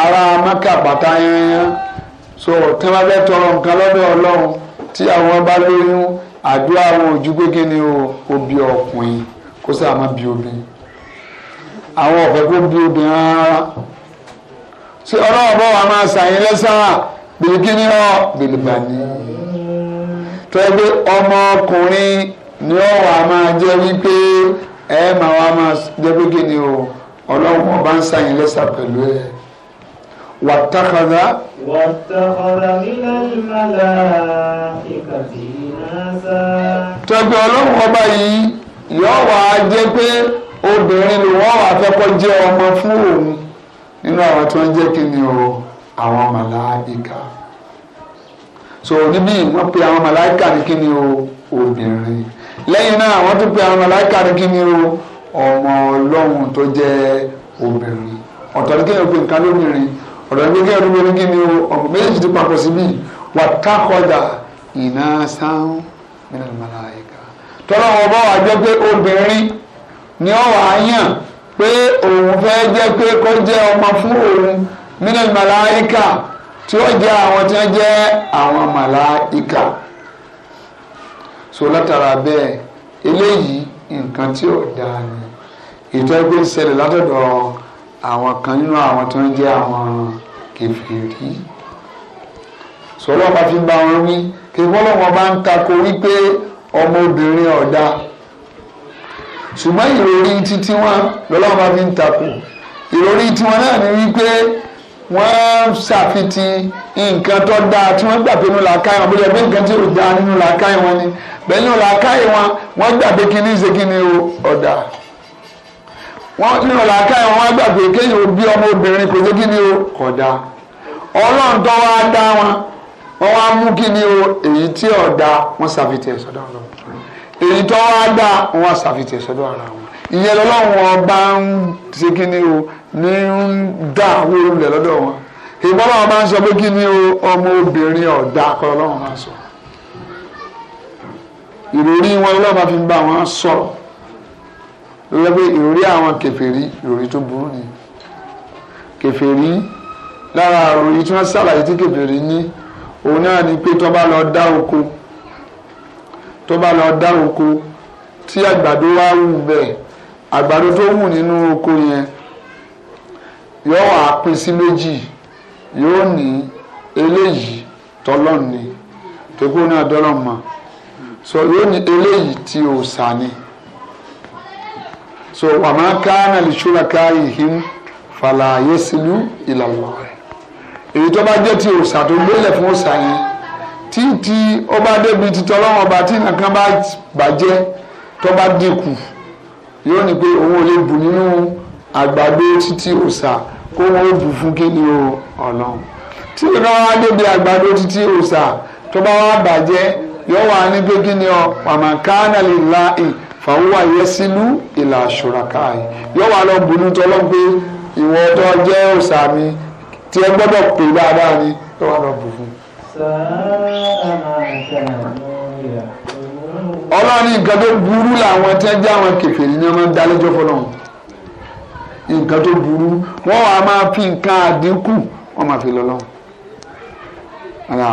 ará mẹ́kà bàtà yẹn yẹn. so tí wọ́n fẹ́ tọrọ nǹkan lọ́dọ̀ ọlọ́run tí àwọn bá lóyún àdúrà àwọn ojú ni o obi ọkùnrin kó sáà má bi obìnrin àwọn ọ̀fẹ́ kó bi obìnrin rárá ṣé ọlọ́run bọ́ wa máa ṣàyìn lẹ́sàrà bìlì kí ni ọ bìlì bà ní. tọ́ pé ni ọ wà máa jẹ́ wípé ẹ máa wá máa jẹ́ ni o ọlọ́run ọba ń ṣàyìn lẹ́sà pẹ̀lú ẹ wàtàkàdá tọ́gbẹ́ ọlọ́run ọba yìí yọ wá jẹ́ pé obìnrin ni wọ́n wà fẹ́kọ́ jẹ́ ọmọ fún òun nínú àwọn tó ń jẹ́ kí ni o àwọn màláìka so níbí wọ́n pe àwọn màláìka ní kí ni o obìnrin lẹ́yìn náà wọ́n tún pe àwọn màláìka ní kí ni o ọmọ ọlọ́run tó jẹ́ obìnrin ọ̀tọ̀ ní kí ni o pe nǹkan lóbìnrin ọ̀rọ̀ ẹgbẹ́ kí ẹ̀rú mi kí ni o ọ̀pọ̀ méjì ti papọ̀ síbí wà tákọ̀dà iná sáún nínú màláyíká tọ́lá wọn bá wà jẹ́ pé obìnrin ni ó wà á yàn pé òun fẹ́ jẹ́ pé kó jẹ́ ọmọ fún òun nínú màláyíká tí ó jẹ́ àwọn tí wọ́n jẹ́ àwọn màláyíká so látara bẹ́ẹ̀ eléyìí nǹkan tí ò dáa ni ìtọ́jú ń ṣẹlẹ̀ látọ̀dọ̀ àwọn kan nínú àwọn tó ń jẹ́ àwọn kèfèrí sọlọ́ bá fi bá wọn wí kí wọ́n lọ́wọ́ bá ń takò wípé ọmọbìnrin ọ̀dà ṣùgbọ́n ìròrí títí wọn lọ́lọ́wọ́ fi ń takò ìròrí tiwọn náà ni wípé wọ́n ṣàfitì nǹkan tó dáa tí wọ́n gbà pé nínú làákàyè wọn bóyá pé nǹkan tí ò dáa nínú làákàyè wọn ni bẹ́ẹ̀ nínú làákàyè wọn wọ́n gbà pé kíní ṣe kíní ọ̀dà wọ́n tún yọ̀ làákà ẹ̀ wọ́n gbà pé kéèyàn bí ọmọ obìnrin kò sí kíni o kódà ọlọ́run tó wá dá wọn wọ́n wá mú kíni o èyí tí ọ̀dà wọ́n ṣàfihàn sọ́dọ̀ ọ̀rọ̀ èyí tó wá dá wọ́n wá ṣàfihàn sọ́dọ̀ ara wọn ìyẹn lọ́lọ́run ọba ń ṣe kíni o ní ń dá àwọn olùlẹ̀ lọ́dọ̀ wọn ìbọ́lá ọba ń sọ pé kíni o ọmọ obìnrin ọ̀dà kọlọ́run máa sọ ìròrí wọn lọ́ba fi ń bá wọn sọ̀rọ̀ ló jẹ́ pé ìròrí àwọn kèfèrí ìròrí tó burú ni kèfèrí lára ìròrí tí wọ́n ṣàlàyé tí kèfèrí ní òun náà ni pé tó bá lọ dá oko tó bá lọ dá oko tí àgbàdo wá wù bẹ́ẹ̀ àgbàdo tó wù nínú oko yẹn yóò wá pín sí méjì yóò ní eléyìí tọ́lọ́ọ̀ni tó kó náà dọ́lọ́ọ̀ mọ́ so yóò ní eléyìí tí ò sá ni so wàmà kánà lè ṣúra káyì him fàlàyé sílú ìlànà rẹ̀ èyí tó bá jẹ́ ti òòsà tó gbélé fún òòsà yẹn títí ó bá débi títọ́ lọ́wọ́ ọba tí nǹkan bá bàjẹ́ tó bá dínkù yóò ní pé òun ò lè bù nínú àgbàdo títí òòsà kó wọn ó bù fún kí o ọlọ́run tí nǹkan wá débi àgbàdo títí òòsà tó bá wá bàjẹ́ yóò wá ní pé kí ni ọ lè la ì fàwọn àyẹ sílú ìlà àṣùràká yìí yóò wá lọ bunú tọ́lọ́ pé ìwọ ọtọ́ jẹ́ òòṣà mi tí ẹ gbọ́dọ̀ pè dáadáa ni yóò wá lọ bù fún. ọlọ́run nǹkan tó burú làwọn tí wọ́n jẹ́ àwọn kèfèrí ni wọ́n máa ń dálẹ́jọ́ fọlọ́run nǹkan tó burú wọ́n wàá máa fi nǹkan àdínkù wọ́n máa fi lọ́lọ́run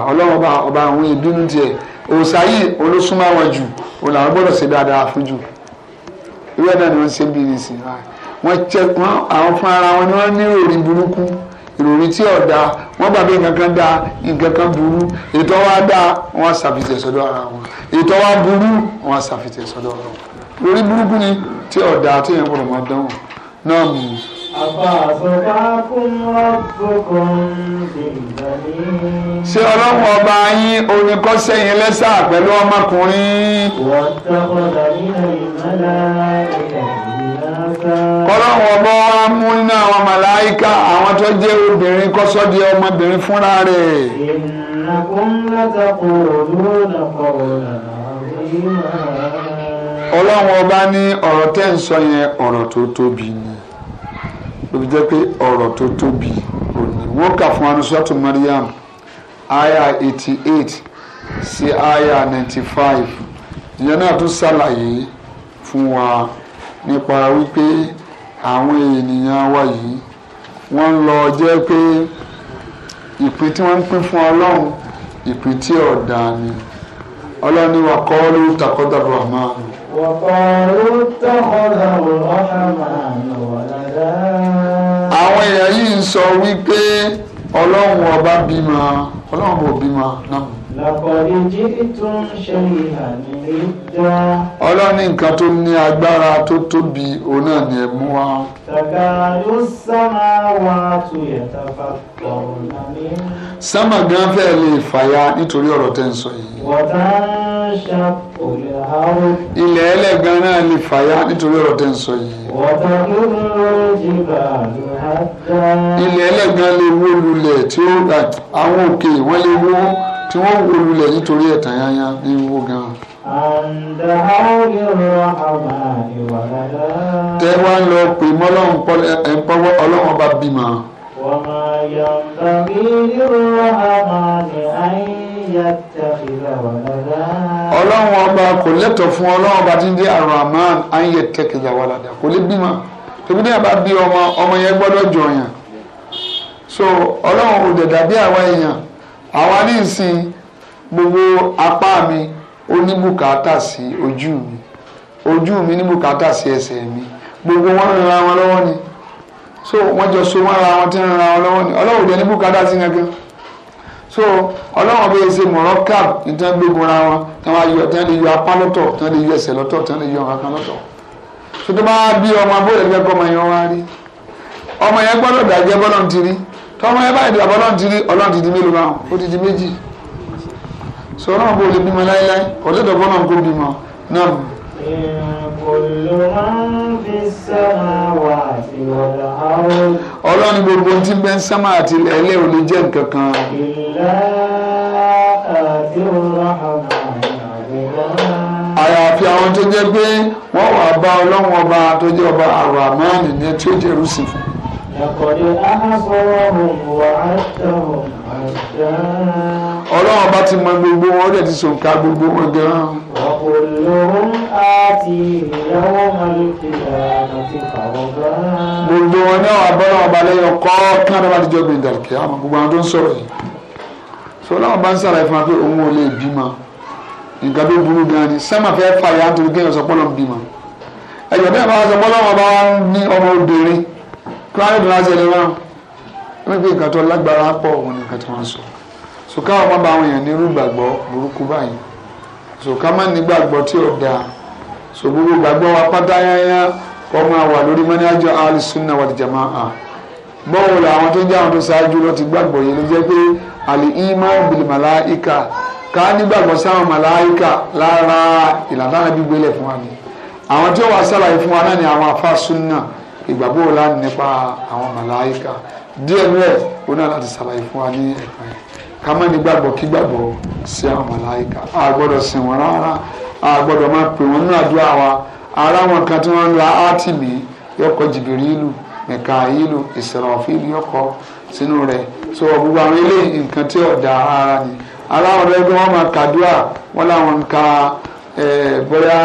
ọlọ́run ọba àwọn ìbínú tiẹ̀ òòṣà yìí olóṣùmọ̀ àwọn jù òun làwọn gbọ́dọ̀ ṣe dáadáa fún jù ìwé náà ni wọ́n ṣe bí nìsín wọ́n tẹ wọ́n àwọn fún ara wọn ni wọ́n ní ìròyìn burúkú ìròyìn tí ọ̀dà wọ́n gbàgbé nǹkan kan dáa nǹkan kan burú ètò wa dáa wọ́n ṣàfihàn sọ́dọ̀ ara wọn ètò wa burú wọ́n ṣàfihàn sọ́dọ̀ ara wọn ìròyìn burúkú ni tí da tí yẹn gbọ́dọ̀ máa dánwò náà mú un ṣé ọlọ́run ọba yín oníkọ́ sẹ́yìn lẹ́sà pẹ̀lú ọmọkùnrin. ọlọ́run ọba wa mú nínú àwọn màláìka àwọn tó jẹ́ obìnrin kọ́sọ́ di ọmọbìnrin fúnra rẹ̀. ìnàkùn látàkùn òdúró nàkọ̀ọ̀ ọlọ́run ọba ní ọ̀rọ̀ tẹ́ ń sọ yẹn ọ̀rọ̀ tó tóbi ni ló fi jẹ́ pé ọ̀rọ̀ tó tóbi òní wọ́n kà fún anusọ́tò Mariam aya eighty eight sí aya ninety five ìyẹn náà tún ṣàlàyé fún wa nípa wípé àwọn ènìyàn wa yìí wọ́n ń lọ jẹ́ pé ìpín tí wọ́n ń pín fún ọlọ́run ìpín tí ọ̀dà ni ọlọ́run ni wà kọ́ ló takọ́dà rahman وقالوا اتخذ الرحمن ولدا àwọn èèyàn yìí ń sọ wípé ọlọ́run ọba bímọ ọlọ́run ò bímọ náà ọlọ́ni nǹkan tó ní agbára tó tóbi òun náà ni ẹ mú wá. tàkàlù sámà wà tó yẹta bá pọ̀ sámà gan fẹ́ lè fàya nítorí ọ̀rọ̀ tẹ́ ń sọ yìí. wọ́tá ń ṣàpòlẹ̀ àwọ̀. ilẹ̀ ẹlẹ́gan náà lè fàya nítorí ọ̀rọ̀ tẹ́ ń sọ yìí. wọ́tá ló ń lọ jìbà lọ àdá. ilẹ̀ ẹlẹ́gan lè wó lulẹ̀ tí ó àwọn òkè wọ́n lè wó tí wọ́n wó lulẹ̀ nítorí ẹ̀tàn yányá ní wó gan. tẹ́ wá ń lọ pè mọ́ ọlọ́run ọlọ́run ọba bímọ. ọlọ́run ọba kò lẹ́tọ̀ fún ọlọ́run ọba tí ń dé Ar-Rahman ayé tẹ̀kẹ̀dà wàlàdà kò lè bímọ tòbí náà bá bí ọmọ ọmọ yẹn gbọ́dọ̀ jọyàn so ọlọ́run ò dẹ̀ dàbí àwa èèyàn. àwa ní ìsìn gbogbo apá mi ó ní bùkátà sí ojú mi ojú mi ní bùkátà sí ẹsẹ̀ mi gbogbo wọn ń ra wọn ni so wọ́n jọ so ra wọn tí ń ra wọn lọ́wọ́ ni ọlọ́run jẹ́ ní bùkátà sí gangan so ọlọ́run bẹ́ẹ̀ ṣe mọ̀rọ́kà ní tí wọ́n gbégun ra wọn tí wọ́n lè yọ apá lọ́tọ̀ tí wọ́n lè yọ ẹsẹ̀ lọ́tọ̀ tí wọ́n lè yọ lọ́tọ̀ so tó bá bí ọmọ abóyè ọmọ yẹn wá rí ọmọ yẹn gbọ́dọ̀ tọ́mọ ẹ báyìí dàbọ̀ ọlọ́run ti rí ọlọ́run ti di mélòó náà ó ti di méjì sọ ọlọ́run bó lè bímọ láéláé ọ̀lẹ́ dàbọ̀ náà kó bímọ náà. ọlọ́run ní gbogbo tí ń bẹ ń sámà àti ẹlẹ́ ò lè jẹ́ nǹkan kan. àyàfi àwọn tó jẹ́ pé wọ́n wà bá ọlọ́run ọba tó jẹ́ ọba àrò àmọ́ ànìyàn tí ó jẹ́rú sí fún un. لقد أحصاهم وعدتهم عدا ọlọ́run ọba ti mọ gbogbo wọn ó dẹ̀ ti ṣòǹkà gbogbo wọn gan-an. ọ̀pọ̀lọ́run àti ìyàwó malùkìlà àti kàwọ́gá. gbogbo wọn náà abọ́lá ọba lẹ́yìn ọkọ kí wọn bá ti jọ gbẹ̀yìn dàrúkẹ́ àmọ́ gbogbo àwọn tó ń sọ̀rọ̀ yìí. sọ ọlọ́run bá ń sàlàyé fún wa pé òun ò lè bímọ nǹkan tó burú gan-an ni sẹ́mà fẹ́ fàyà nítorí kéèyàn sọ pọ́lọ́ bímọ. ẹ̀yọ̀ bẹ́ẹ̀ bá wa sọ pọ́lọ́ kíláàdì náà ṣe lè wá wọn pé nǹkan tó lágbára pọ̀ òun ni nǹkan tí wọ́n sọ so káwọn má ba àwọn èèyàn ní irú gbàgbọ́ burúkú báyìí so ká má ní gbàgbọ́ tí ò dáa so gbogbo gbàgbọ́ wa pátá yányá kọ́ máa lórí mọ́ni àjọ alìsúnà wal jamaa bọ́wọ́ la àwọn tó jẹ́ àwọn tó ṣáájú lọ ti gbàgbọ́ yẹn ló jẹ́ pé àlè ìmọ̀ bìlì màláìka ká nígbàgbọ́ sáwọn màláìka lára ìlànà bíbélẹ̀ fún wa ni àwọn tí ó wà sálàyé fún wa náà ni àwọn afáṣúnà ìgbàgbọ́ wo láti nípa àwọn màláìka díẹ̀ ní ẹ̀ ó náà láti ṣàlàyé fún wa ní ẹ̀kan yẹn ká má ní gbàgbọ́ kí gbàgbọ́ sí àwọn màláìka a gbọ́dọ̀ sìn wọ́n rárá a gbọ́dọ̀ máa pè wọ́n ní àdúrà wa ara wọn kan tí wọ́n ń lo átìmí yọkọ̀ jìbìrìlù mẹ̀káìlù ìsìràfíìlù yọkọ̀ sínú rẹ̀ so gbogbo àwọn eléyìí nǹkan tí ọ̀dà ara ni ara wọn lọ́dọ̀ wọn máa kàdúrà wọn làwọn ń ka eh, bóyá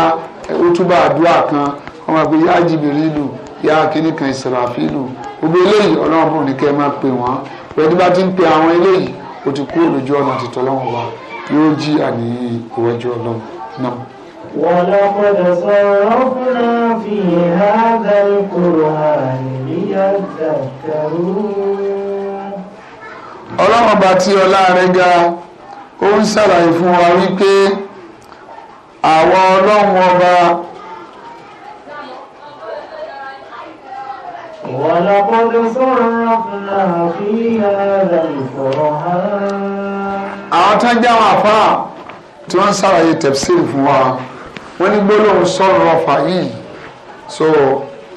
ó eh, túbọ̀ àdúrà kan wọn máa pe yá jìbìrìlù yá ah, kíní kan ìsàràfíìlù gbogbo eléyìí ọlọ́run bò ní kẹ́ ẹ máa pè wọ́n pẹ̀lú bá ti ń pe àwọn eléyìí ó ti kú olójú ọ̀nà àti tọ́lọ́wọ́n wa yóò jí àníyí ìwájú ọlọ́run náà. ولقد صرفنا في هذا القرآن ليذكروا ọlọ́run ọba tí ọlá rẹ̀ ga ó ń ṣàlàyé fún wa wípé àwọn ọlọ́run ọba ولقد صرفنا في هذا القرآن àwọn tó ń jẹ́ àwọn àfáà tí wọ́n ń ṣàlàyé tẹ̀síìlì fún wa wọ́n ní gbólóhùn sọ̀rọ̀ ọ̀fà yìí so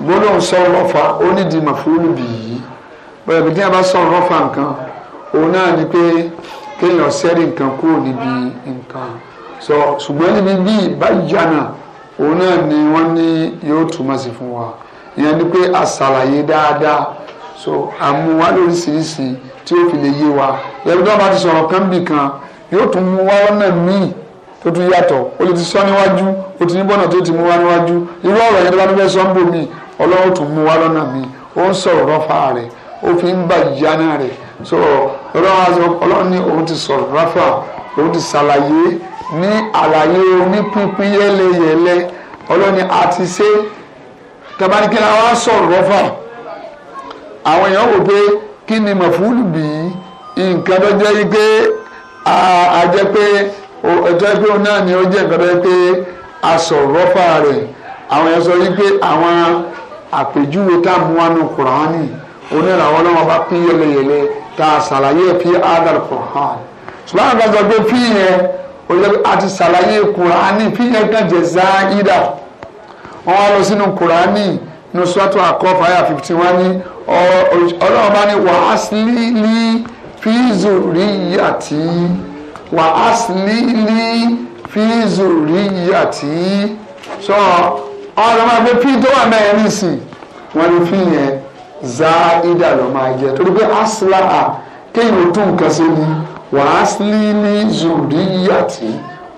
gbólóhùn sọ̀rọ̀ ọ̀fà ó nídìí màfúlù bìyí bẹ́ẹ̀ bí díẹ̀ bá sọ̀rọ̀ ọ̀fà nǹkan òun náà ni pé kéèyàn sẹ́rí nǹkan kúrò níbi nǹkan so ṣùgbọ́n níbi bíi báyìí jàǹà òun náà ni wọ́n ní yóò túmọ̀ sí fún wa ìyẹn ni pé a ṣàlàyé dáadáa so àmúwá lóríṣiríṣi tí ó fi lè yé wa ẹ̀rú náà bá ti sọ̀rọ̀ kan bì kan yóò tún mú wá ọ̀nà míì tó tún yàtọ̀ ó lè ti sọ níwájú ó ti ní bọ́nà tó ti mú wá níwájú irú ọ̀rọ̀ yẹn tó bá ní fẹ́ sọ ń bò mí ọlọ́run tún mú wá lọ́nà mi ó ń sọ̀rọ̀ rọ́fà rẹ̀ ó fi ń bà yánà rẹ̀ so ọlọ́run ní òun ti sọ̀rọ̀ rọ́fà òun ti ṣàlàyé ní àlàyé onípínpín yẹ́lẹ́yẹ́lẹ́ ọlọ́run ni a ti ṣe tabanikẹ́lá wa sọ̀rọ̀ rọ́fà àwọn èèyàn wò pé kí ni mọ̀fúlù bì í nǹkan tó jẹ́ pé a jẹ́ pé ẹ̀tọ́ pé òun náà ni ó jẹ́ nǹkan tó jẹ́ pé a sọ̀rọ̀ rọ́fà rẹ̀ àwọn èèyàn sọ wípé àwọn àpèjúwe tá a mú wa nù kùránì onírànwọ́ lọ́wọ́ bá pín yẹlẹyẹlẹ tá a ṣàlàyé fi ádàlù kùránì ṣùgbọ́n àgbàdo pé pín yẹn a ti ṣàlàyé kùránì pín yẹn kan jẹ́ záírà wọ́n wá lọ sínú kùránì nínú sọ́tò àkọ́f àyà fifty wọ́n ní ọlọ́run bá ní wàásìlì ní fíìzùríyàtì wàásìlì ní fíìzùríyàtì sọ ọlọ́run bá gbé pí tó wà mẹ́rin nísìn wọ́n ní fi yẹn ida ló máa jẹ torí pé asla kéèyàn ó tún nǹkan sí ni wàásìlì ní zùríyàtì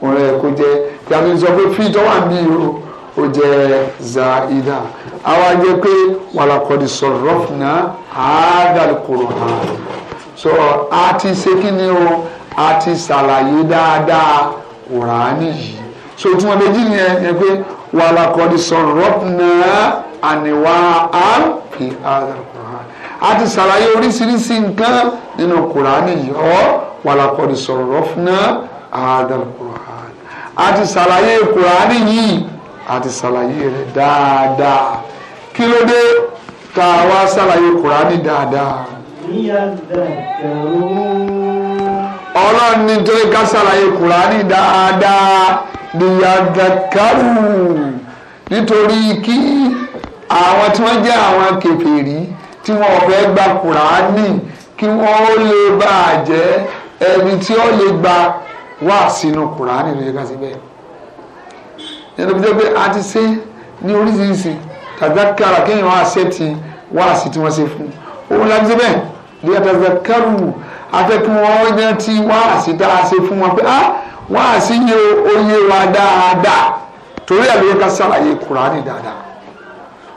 òun rẹ̀ kó jẹ yàtọ̀ sọ pé pí wà mí o ó jẹ́ zaida àwa jẹ́ pé wàlàkọ̀dì sọ̀rọ̀fìnà àádàlùkùrọ̀ hàn so a ti ṣe kí ni o a ti ṣàlàyé dáadáa kùránì yìí so tí wọn méjì yẹn ni pé wàlàkọ̀dì sọ̀rọ̀fìnà àníwá àmì àádàlùkùrọ̀ hàn a ti ṣàlàyé oríṣiríṣi nǹkan nínú kùránì yìí ọ wàlàkọ̀dì sọ̀rọ̀fìnà àádàlùkùrọ̀ hàn a ti ṣàlàyé kùránì yìí àti ṣàlàyé rẹ̀ dáadáa kí ló dé tá a wá ṣàlàyé kùránì dáadáa. ọlọ́run nítorí ká ṣàlàyé kùránì dáadáa níyàdàkàrù nítorí kí àwọn tí wọ́n jẹ́ àwọn kèfèrí tí wọ́n fẹ́ gba kùránì kí wọ́n ó lè bàa ẹni tí ó lè gba wá sínú kùránì ló yẹ ká sí bẹ́ẹ̀ ẹni bí wọ́n pé a ti ṣe ní oríṣiríṣi tàbí kára kéèyàn wá ṣe ti wá sí tí wọ́n ṣe fún un òun láti ṣe bẹ́ẹ̀ ní àtàzà kẹrù afẹ́kí wọ́n yẹn ti wá sí tá a ṣe fún wọn pé ah wá sí yẹ oyè wa dáadáa torí ẹ̀ ló yẹ ká ṣàlàyé kùránì dáadáa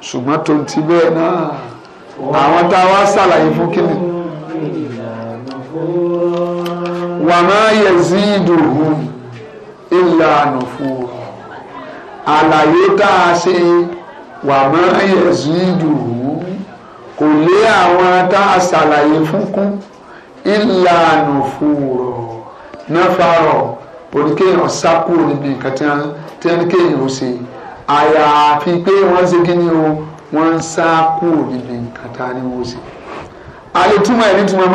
ṣùgbọ́n tó ti bẹ́ẹ̀ náà àwọn tá a wá ṣàlàyé fún kíni. wàmá yẹ zídùn ìlànà fún wọn àlàyé tá a ṣe wà mọ́ ẹ̀yẹ̀sídù kò lé àwọn tá a ṣàlàyé fún kún ìlànà fúrọ̀ náfàrọ̀ oníkéèyàn sákú níbi nǹkan tí wọ́n kéèyàn ṣe àyàfi pé wọ́n ṣe kí ni o wọ́n ń sákú níbi nǹkan tá a ní wọ́n ṣe. àletúmọ̀ ẹ̀rí tí wọ́n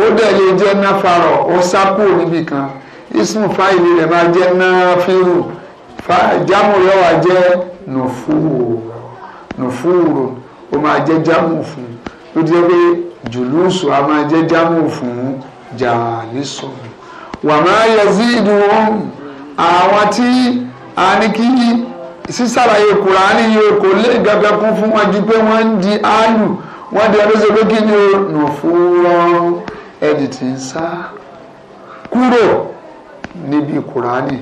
ó dẹ̀ lè jẹ́ náfàrọ̀ ó sákú níbi kan ismu fáìlì rẹ̀ máa jẹ́ náfírù jámù yóò wá jẹ́ nùfúùrù nùfúùrù ó máa jẹ́ jámù fún ló jẹ́ pé jùlùsù á máa jẹ́ jámù fún jàlísù wà máa yẹ sí ìdúró àwọn tí a ní kí sísàlàyé kùránì yìí kò lè gàgà kún fún wọn ju pé wọ́n di áyù wọ́n di ọdún sọ pé kí ni o nùfúùrù ẹni tí ń sá kúrò níbi kùránì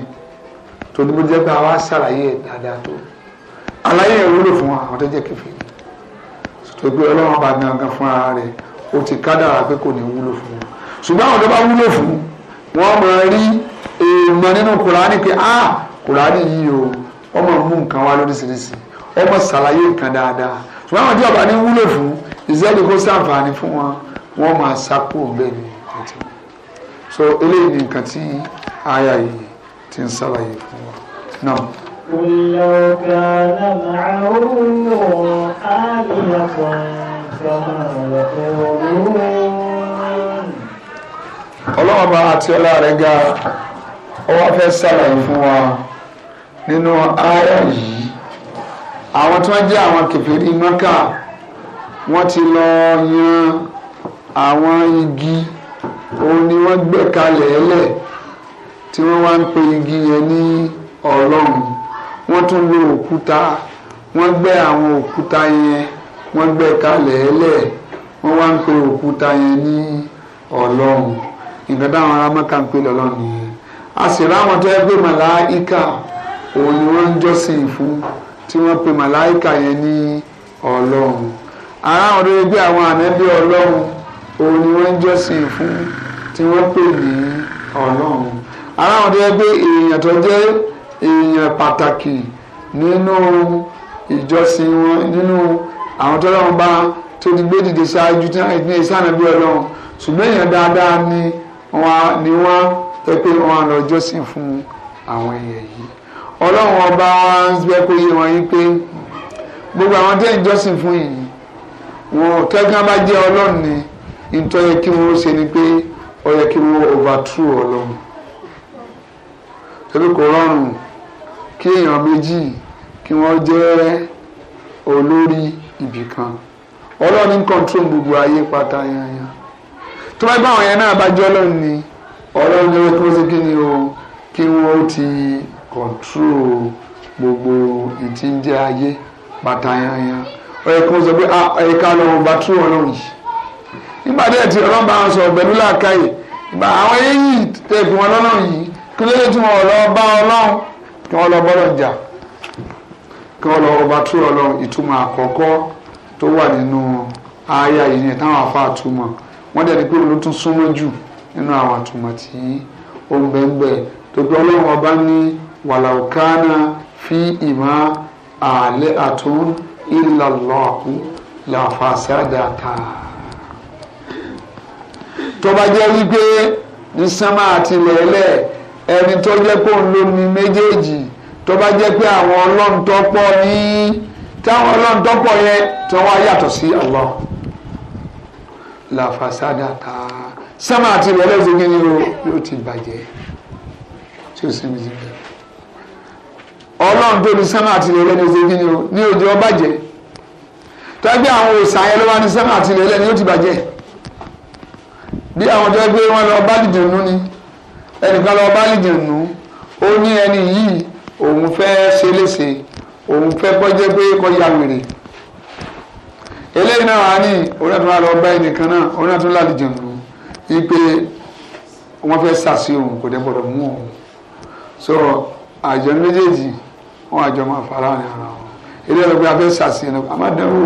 tó ní bó jẹ́ pé àwa ṣàlàyé ẹ̀ dáadáa tó àlàyé ẹ̀ wúlò fún àwọn tó jẹ́ kẹfẹ́ tó pé ọlọ́run bá gangan fún ara rẹ̀ ó ti kádàrà pé kò ní wúlò fún wọn ṣùgbọ́n àwọn tó bá wúlò fún wọn máa rí èèmọ̀ nínú kùránì pé ah kùránì yìí o wọ́n máa mú nǹkan wá lóríṣiríṣi wọ́n máa ṣàlàyé nǹkan dáadáa ṣùgbọ́n àwọn tí ọba ní wúlò fún ìṣẹ́ni kó ṣàǹfààní fún wọn wọ́n máa sápò bẹ́ẹ̀ ni so eléyìí ni nǹkan tí aya yìí ti ń ṣàlàyé fún. نعم قل معه آلهة فما يقولون ọlọ́wọ́n bá àti ọlá rẹ̀ ga ó wá fẹ́ ṣàlàyé fún wa nínú ààyè yìí àwọn tí wọ́n jẹ́ àwọn kèfèrí Mákà wọ́n ti lọ yan àwọn igi òun ni wọ́n gbé ẹlẹ̀ tí wọ́n wá ń pe igi yẹn ní ọlọ́run wọ́n tún lo òkúta wọ́n gbẹ́ àwọn òkúta yẹn wọ́n gbẹ́ kalẹ̀ ẹlẹ̀ wọ́n wá ń pe òkúta yẹn ní ọlọ́run nǹkan táwọn ará mọ́ta ń pè lọ́lọ́run nìyẹn a sì ráwọn tó yẹ pé màláìka òun ni wọ́n ń jọ́sìn fún tí wọ́n pe màláìka yẹn ní ọlọ́run ará àwọn tó yẹ pé àwọn ànábì ọlọ́run òun ni wọ́n ń jọ́sìn fún tí wọ́n pè ní ọlọ́run ará àwọn tó yẹ pé èèyàn tó jẹ́ èèyàn pàtàkì nínú ìjọsìn wọn nínú àwọn tọ́lọ́run bá tó ti gbé dìde ṣáájú tí wọ́n ti ní ìsànà bí ọlọ́run ṣùgbọ́n èèyàn dáadáa ni wọ́n ni wọ́n pẹ́ pé wọ́n lọ jọ́sìn fún àwọn èèyàn yìí ọlọ́run ọba wa ń gbẹ́ pé yé wọn yí pé gbogbo àwọn tẹ́ ìjọsìn fún yìí wọn kẹ́kẹ́ bá jẹ́ ọlọ́run ni ìtọ́ yẹ kí wọ́n ṣe ni pé ó yẹ kí wọ́n overthrow ọlọ́run torí kò rọrùn. kí èèyàn méjì kí wọ́n jẹ́ olórí ibìkan kan ọlọ́run ń gbogbo ayé pátá yanyan tó bá bá àwọn yẹn náà bá jẹ́ ọlọ́run ni ọlọ́run ni o kí wọ́n ti gbogbo ìtìjẹ́ ayé pátá yanyan ọ̀yẹ̀ sọ pé bá tú ọlọ́run yìí nígbà díẹ̀ tí ọlọ́run bá wọn sọ làákàyè àwọn tẹ̀kùn ọlọ́run yìí kí kí wọ́n lọ bọ́lọ̀ jà kí wọ́n lọ ọba tó lọ ìtumọ̀ àkọ́kọ́ tó wà nínú aya yìí ni táwọn afa àtumọ̀ wọ́n dẹ̀ ní pé olú tún súnmọ́ jù nínú àwọn àtumọ̀ tí ó ń bẹ́ẹ̀ bẹ́ẹ̀ tó pé ọlọ́run ọba ní wàlàùkánà fi ìmọ̀ àlẹ́ àtún ìlàlọ́ọ̀kú làfàṣàdàtà. tó bá jẹ́ wípé ní sánmà àti lẹ́lẹ́ẹ̀ ẹni tó jẹ́ pé òun ló ní méjèèjì tó bá jẹ́ pé àwọn ọlọ́run tó pọ̀ ní táwọn ọlọ́run tó pọ̀ yẹn tí wọ́n á yàtọ̀ sí Allah làfàṣàdàtà sámà àti ìrọ̀lẹ́ ìṣègbè ni ó ti bàjẹ́ tí ó sinmi sí bẹ́ẹ̀ ọlọ́run tó ní àti ìrọ̀lẹ́ ní ni ó ní òjò ọbàjẹ́ tọ́jú àwọn òòsàn ayẹyẹ ló wá ní sámà àti ìrọ̀lẹ́ ni ó ti bàjẹ́ bí àwọn tó gbé wọn lọ bá dìdùn nú ni ẹnìkan lọ bá lìjẹ̀ nù ó ní ẹni yìí òun fẹ́ ṣe léṣe òun fẹ́ bọ́jẹ́ pé kọ́ ya wèrè eléyìí náà wà ní òun náà tún wà lọ bá ẹnìkan náà òun náà nù ipe wọ́n fẹ́ sàṣe òun kò dẹ́ gbọ́dọ̀ mú òun so àjọ méjèèjì wọn àjọ máa fara ní ara wọn ilé ẹ̀rọ pé a fẹ́ sàṣe ẹ̀rọ àmàdánwò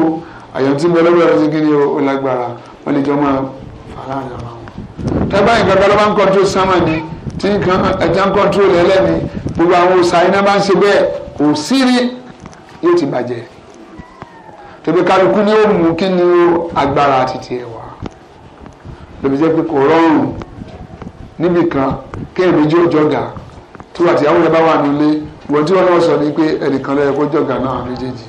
àyọ̀ tí bọ́lá ti kí ni ó lágbára wọ́n lè jọ máa fara ní ara wọn. tẹ́bá nǹkan kan ló bá ń kọ́ńtrol sánmà ni tí nǹkan ẹja ń kọ́ńtrol ẹlẹ́ni gbogbo àwọn òòsà iná bá ń ṣe bẹ́ẹ̀ kò sí rí yóò ti bàjẹ́ tẹ́bí kálukú ni ó mú kí ni agbára títí ẹ̀ wá lóbi jẹ́ pé kò rọrùn níbì kan àwọn wà sọ ni pé ẹnìkan lọ́yẹ kó jọ̀gà náà méjèèjì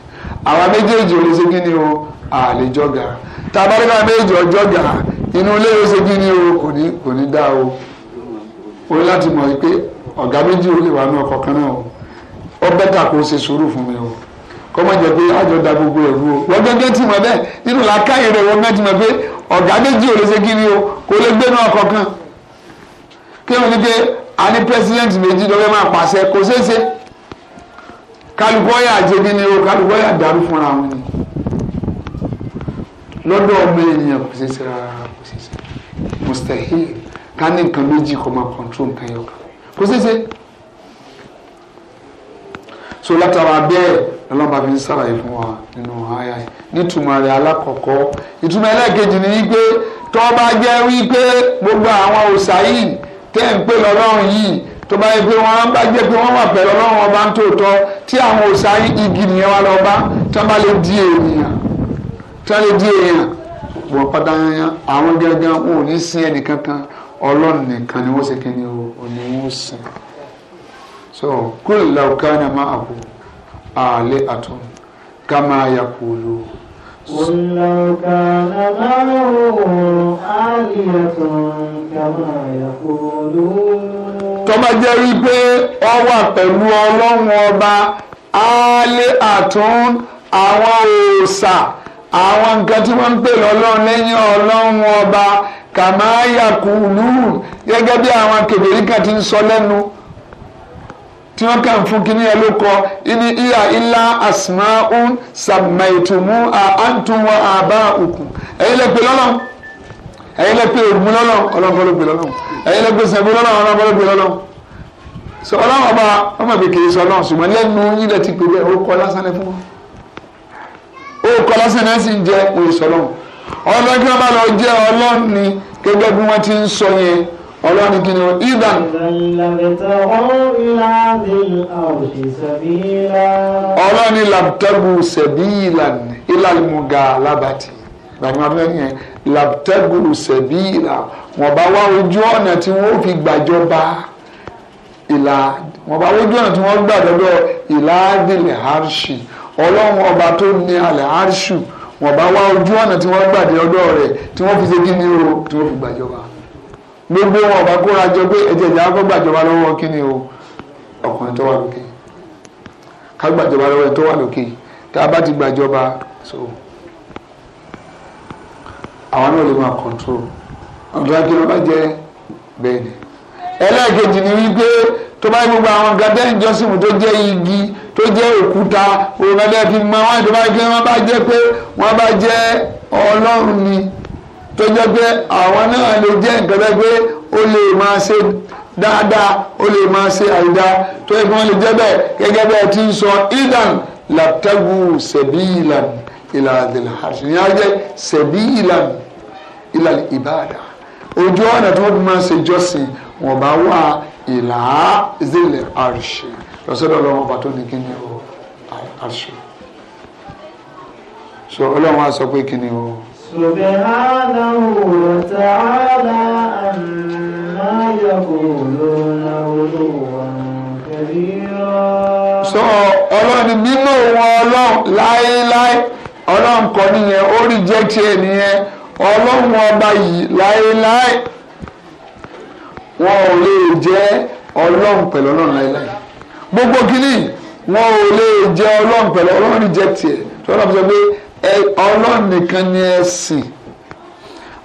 àwa méjèèjì ò lè ṣe kí ni o àlè jọ̀gà tá a bá inú ilé yóò ṣe kí ni o kò ní kò ní dá o o láti mọ̀ pé ọ̀gá méjì ó lè wà ní ọkọ̀ kan náà o ó bẹ́tà kó ṣe sùúrù fún mi o kọ́ mọ̀ jẹ́ pé àjọ da gbogbo ẹ̀ wú o wọ́n gẹ́gẹ́ tì mọ̀ bẹ́ẹ̀ nínú làákàyè rẹ̀ wọ́n gẹ́gẹ́ tì pé ọ̀gá méjì ó lè ṣe kí ni o kò lè gbé ní ọkọ̀ kan kí wọ́n ní pé a ní pẹ́sidẹ́ǹtì méjì lọ́wọ́ máa pàṣẹ kò ṣeé ṣe kálukọ́ jẹ́ kí ni o kálukọ́ dàrú fúnra wọn ni lọ́dọ̀ ọmọ èèyàn kò ṣe é kò ṣe é ṣe mustahil ká ní nǹkan méjì kó máa control nǹkan yẹn kò ṣe é ṣe. so látara bẹ́ẹ̀ lọ́lọ́ba fi ń ṣàlàyé fún wa nínú àyà yìí nítumọ̀ rẹ̀ alákọ̀ọ́kọ́ ìtumọ̀ ẹlẹ́ẹ̀kejì ni wípé tó bá jẹ́ wípé gbogbo àwọn òòṣà yìí tẹ́ ń pè lọ́lọ́run yìí tó bá yẹ pé wọ́n bá jẹ́ pé wọ́n wà pẹ̀lú ọlọ́run ọba ń tòótọ́ tí àwọn òòṣà igi nìyẹn wà lọ́ba tí wọ́n bá lè di ènìyàn tálẹ̀ di èèyàn wọ́n padà yan àwọn gẹ́gẹ́ wọn ò ní sin ẹnìkankan ọlọ́run nìkan ni wọ́n ṣe kí ni ò ní wọ́n sin so kúrò làwùká ni a máa àbò àlẹ́ àtọ́ ká máa yà kú lò. jẹ́ wípé ó wà pẹ̀lú ọlọ́run ọba áálé àtún àwọn òòṣà àwọn nǹkan tí wọ́n ń pè lọ́lọ́run lẹ́yìn ọlọ́run ọba kàmáyàkú lùú gẹ́gẹ́ bí àwọn kèbèrè kan ti ń sọ lẹ́nu tí wọ́n kàn fún kínní ẹ ló kọ ìní ìyá ilá asmaun sàmàìtùmú àǹtùwọ̀n àbá òkun ẹ̀yin lè pè lọ́lọ́run ẹ̀yin lè pè ògùn lọ́lọ́run ọlọ́run kọ́ ló pè lọ́lọ́run ẹ̀yin lè pè sẹ̀gbọ́n lọ́lọ́run ọlọ́run kọ́ ló pè lọ́lọ́run sọ ọlọ́run ọba ọmọ ìbèkè sọ ọlọ́run ṣùgbọ́n lẹ́nu yín lè ti pè bẹ́ẹ̀ ó kọ lásán lẹ́fún wọn ó kọ́ lásán náà sì ń jẹ òṣèlú ọlọ́run kí wọ́n bá lọ jẹ́ ọlọ́run ni gẹ́gẹ́ bí wọ́n ti ń sọ yẹn ọlọ́run kí ni o ìdá. ọlọ́run ni làbùtẹ́gù sẹ̀bí ìlànà ìlàlùmùgà alábàtì gbàgbọ́n yẹn làbùtẹ́gù sẹ̀bí ìlà wọ́n bá wá ojú ọ̀nà tí wọ́n fi gbàjọba ìlà wọ́n bá wá ojú ọ̀nà tí wọ́n gbàdọ́dọ̀ ìlà àdìlẹ̀ hàrṣì ọlọ́run ọba tó ní alẹ́ àríṣù wọ́n bá wá ojú ọ̀nà tí wọ́n gbàdé ọdọ́ rẹ̀ tí wọ́n fi ṣe kí ni o tí wọ́n fi gbàjọba gbogbo wọn ọba kóra jọ pé ẹ̀jẹ̀ ìjà kó gbàjọba lọ́wọ́ kí ni o ọkùnrin tó wà lókè ká gbàjọba lọ́wọ́ ẹ̀ tó wà lókè tá a bá ti gbàjọba so àwọn náà lè máa kọ̀ntró ọ̀dọ́ akérò bá jẹ́ bẹ́ẹ̀ ni ẹlẹ́ẹ̀kejì ni wípé tó bá yẹ gbogbo àwọn nǹkan tẹ́ ìjọsìn tó jẹ́ igi tó jẹ́ òkúta òun ẹ̀dẹ́ fi mọ wọn tó bá yẹ kí wọ́n bá jẹ́ pé wọ́n bá jẹ́ ọlọ́run ni tó jẹ́ pé àwọn náà lè jẹ́ nǹkan tẹ́ pé ó lè máa ṣe dáadáa ó lè máa ṣe àìdá tó yẹ kí wọ́n lè jẹ́ bẹ́ẹ̀ gẹ́gẹ́ bẹ́ẹ̀ ti ń sọ idan làtẹ́gù ṣẹ̀bí ìlànà ìlàdìlà àṣìyàn ajẹ́ ṣẹ̀bí ìlànà ìlànà ìbáàdà ojú ọ̀nà tí wọ́n fi máa ṣe jọ́sìn wọ́n bá wà ìlà zilẹ̀ àrùṣe lọ́sọ̀dọ̀ ọlọ́run ọba tó ní kí ni o àrùṣe so ọlọ́run á sọ pé kí ni o. subhanahu wa ta'ala amma yaquluna uluwan kabira. Sọ ọlọ́run mímọ́ wọn ọlọ́run láéláé ọlọ́run kọ́ nìyẹn ó nìyẹn ọlọ́run ọba yìí láéláé. wọn ò lè jẹ́ ọlọ́run pẹ̀lú ọlọ́run láéláé gbogbo kìíní wọn ò lè jẹ́ ọlọ́run pẹ̀lú ọlọ́run ní jẹ́ tiẹ̀ tí sọ pé ọlọ́run nìkan ni ẹ sìn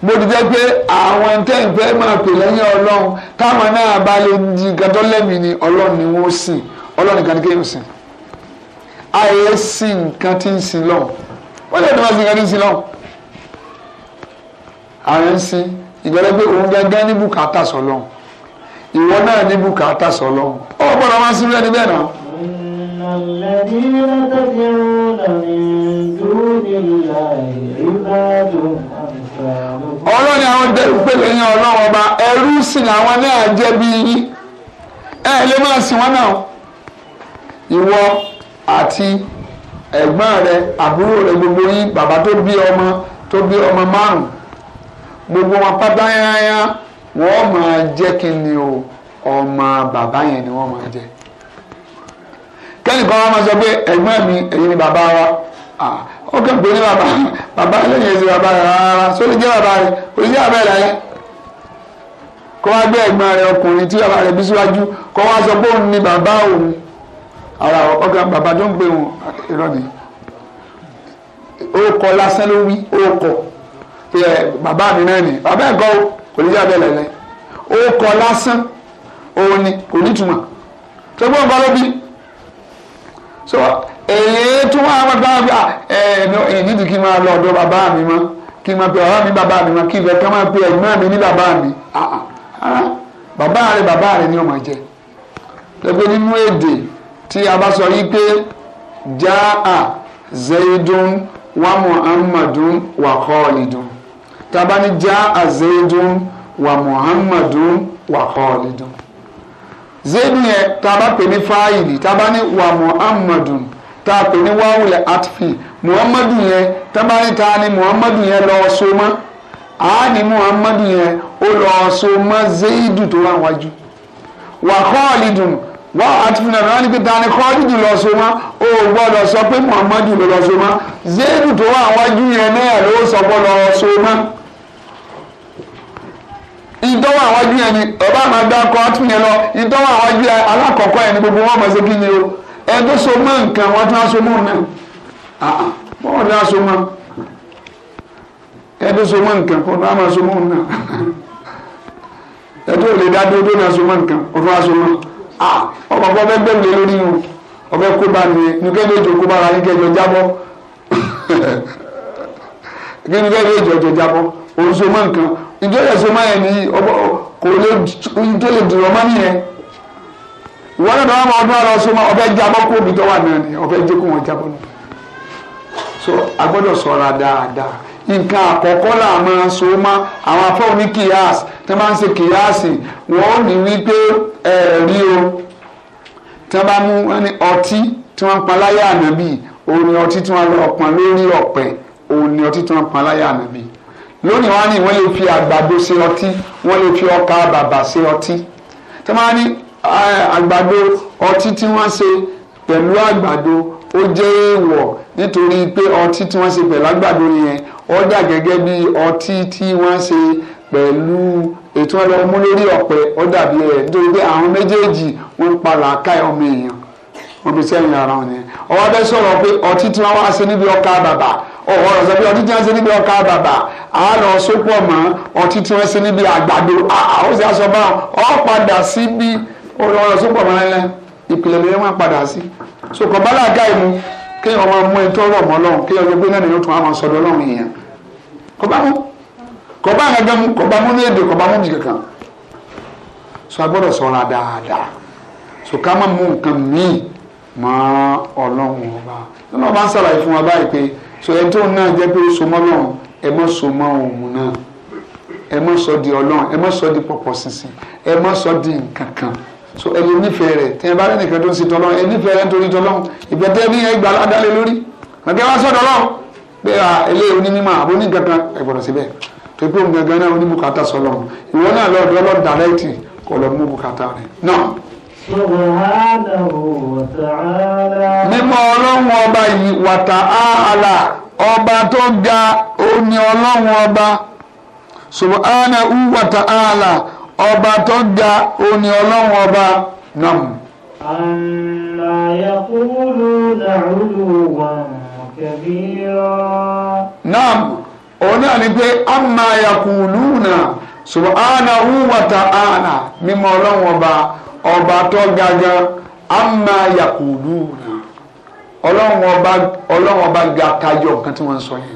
bó ti jẹ́ pé àwọn tẹ́ ń fẹ́ máa pè lẹ́yìn ọlọ́run táwọn náà bá lè di nǹkan tó ni ọlọ́run ni wọ́n sìn ọlọ́run nìkan ni kéwọ́n sìn àyè sìn nǹkan tí ń sìn lọ́wọ́ wọ́n lè ní wọ́n nǹkan tí ń sìn lọ́wọ́ àwọn ń sìn ìgbàlẹ́ pé òun gángan ní bùkátà sọ̀lọ́run ìwọ náà ní bùkátà sọlọ ọ gbọ́dọ̀ máa sínú ẹni bẹ́ẹ̀ náà. الذين تدعون من دون الله عباد ọlọ́ni àwọn ìpele yẹn ọlọ́run ọba ẹrú sìn àwọn náà jẹ́ bí yín ẹ lè máa sìn wọn náà ìwọ àti ẹ̀gbọ́n rẹ àbúrò rẹ gbogbo yín bàbá tó bí ọmọ tó bí ọmọ márùn gbogbo wọn pátá yányán wọ́n máa jẹ́ kí ni o ọmọ bàbá yẹn ni wọ́n máa jẹ́ kẹ́nìkan wọn máa sọ pé ẹ̀gbọ́n mi èyí ni bàbá wa ó kàn pé ní bàbá bàbá lẹ́yìn ẹ̀sìn bàbá rẹ̀ rárá sórí jẹ́ bàbá rẹ̀ òní jẹ́ bàbá rẹ̀ láyé kó wá gbé ẹ̀gbọ́n rẹ̀ ọkùnrin tí bàbá rẹ̀ bí síwájú kó wá sọ pé òun ni bàbá òun ara ọ̀gá bàbá tó ń pè wọn irọ́ ni ó kọ lásán ló wí ó kọ bàbá mi náà ni bàbá ẹ̀kọ́ o kò ní jáde lẹ́lẹ́ ó kọ lásán òun ni kò ní túmọ̀ tó gbọ́n nǹkan ló bí so èyí tó wà wọn bá wà ẹ ẹ nídìí kí n máa lọ ọ̀dọ̀ bàbá mi mọ́ kí n máa pe ọ̀rọ̀ mi bàbá mi mọ́ kí n fẹ́ kí n máa pe ẹ̀gbọ́n mi ní bàbá mi ah, ah, ah. bàbá rẹ bàbá rẹ ni ó máa jẹ lẹ́gbẹ́ nínú èdè tí a bá sọ yí pé jaa zaidun wa muhammadun wa tabani já azedun wa muhammadun wa khalidun zedu yẹn taba pè ní fáìlì tabani wa muhammadun tá a pè ní atfi muhammadu yẹn tabani ta ni muhammadu yẹn lọ́ọ́ so mọ́ àání muhammadu yẹn ó lọ́ọ́ so mọ́ tó wà wájú wa khalidun wa àtúnfìnà náà ní pé ta ni kọ́ọ́dúdù lọ so mọ́ o gbọ́dọ̀ sọ pé muhammadu lọ so mọ́ zéèdù tó wà wájú yẹn náà ló sọ pé lọ so ìdánwò àwájú yẹn ni ọba máa dá ọkọ ọtún yẹn lọ ìdánwò àwájú yẹn alákọ̀ọ́kọ́ yẹn ni gbogbo wọn máa ṣe kí ni o ẹni so mọ́ nǹkan wọn tún aṣọ mọ́ náà aṣọ so nǹkan aṣọ dá dúró aṣọ nǹkan òṣèmọ nǹkan ìjọba ìṣèmọ yẹn ni kò lè tó lè dùn ọmọ nìyẹn ìwọ náà dáná ọdún àrà ọṣọmọ ọbẹ jábọ́ kó omi tó wà ni ọbẹ jẹ kó wọn jábọ́ nù so a gbọ́dọ̀ ṣọ́ra dáadáa nǹkan àkọ́kọ́ là máa so mọ́ àwọn afọ́wọ́ ní kíyàsì tí wọ́n máa ń ṣe kíyàsì wọ́n ní wípé ẹ̀ẹ́rí o tí wọ́n bá mú ẹni ọtí tí wọ́n ń pa láyé ànábì òun ni ọtí tí wọ́n lọ pọn lórí ọ̀pẹ òun ni ọtí tí wọ́n ń pa láyé ànábì lónìí wọn ní wọn lè fi àgbàdo ṣe ọtí wọn lè fi ọkà bàbà ṣe ọtí tí wọn ní eh, àgbàdo ọtí tí wọn ṣe pẹ̀lú àgbàdo ó jẹ́ èèwọ̀ nítorí pé ọtí tí wọ́n ṣe pẹ̀lú àgbàdo yẹn ó dà gẹ́gẹ́ bí ọtí tí wọ́n ṣe pẹ̀lú ètò ọlọ́mú lórí ọ̀pẹ ó dàbí ẹ̀ nítorí pé àwọn méjèèjì wọ́n pa làákàyè ọmọ èèyàn wọ́n fi ara wọn yẹn ọwọ́ bẹ́ẹ̀ sọ̀rọ̀ pé ọtí tí wọ́n wá ṣe níbi ọkà bàbà ọ̀wọ́ ọ̀sẹ̀ bí ọtí tí wọ́n ṣe níbi ọkà bàbà á lọ sópọ̀ mọ́ ọtí tí wọ́n ṣe níbi àgbàdo àwọn sì aṣọ bá ọ padà sí bí ọ̀rọ̀ sópọ̀ mọ́ ẹ ìpìlẹ̀ lóye wọn padà sí. so kọ̀bálà ká ìmú kéèyàn máa mú ẹni tó rọ̀ mọ́ lọ́hùn kéèyàn ló gbé náà nínú tún àwọn sọ̀dọ̀ lọ́hùn èèyàn kọ̀bámú kọ̀bámú gẹ́gẹ́ kọ̀bámú ní èdè kọ̀bámú bì kankan so a gbọ́dọ̀ sọ̀ra dáadáa so ká má mú nǹkan míì mọ́ ọlọ́run ọba lọ́nà ọba ń sàlàyé fún wa báyìí pé so ẹni tó náà jẹ́ pé ó so mọ́ lọ́hùn ẹ má so mọ́ òun náà ẹ má sọ di ọlọ́run ẹ má sọ di pọ̀pọ̀ sísìn ẹ má sọ di nǹkan kan so ẹni nífẹ̀ẹ́ rẹ̀ tẹ́ ẹ bá rẹ́nìkan tó ń sitọ́ lọ́run ẹ nífẹ̀ẹ́ rẹ̀ nítorí tọ́ lọ́run ìgbẹ́tẹ́ ní ẹ gbà ládàlẹ́ lórí àbí wá sọ̀dọ̀ lọ́run pé eléyìí onímọ̀ àbó ní gangan ẹ gbọ́dọ̀ síbẹ̀ tó pé òun gangan náà oníbùkátà sọ lọ́run ìwọ náà lọ́dọ̀ lọ́dàlẹ́tì kọ̀ lọ́ mú bùkátà rẹ̀ náà mímọ́ ọlọ́run ọba yìí wàtà áhàlà ọba tó ga òní ọlọ́run ọba subhana u wàtà áhàlà ọba tó ga òní ọlọ́run ọba nam. àmà yakulu nàrúlù wà kẹbíyọ. nam òun náà pé àmà yakulu nà subhana u wàtà áhàlà mímọ́ ọlọ́run ọba. ọba tó gaga ama yakulu ọlọ́run ọba ọba ga tayọ nǹkan tí wọ́n ń sọ yẹn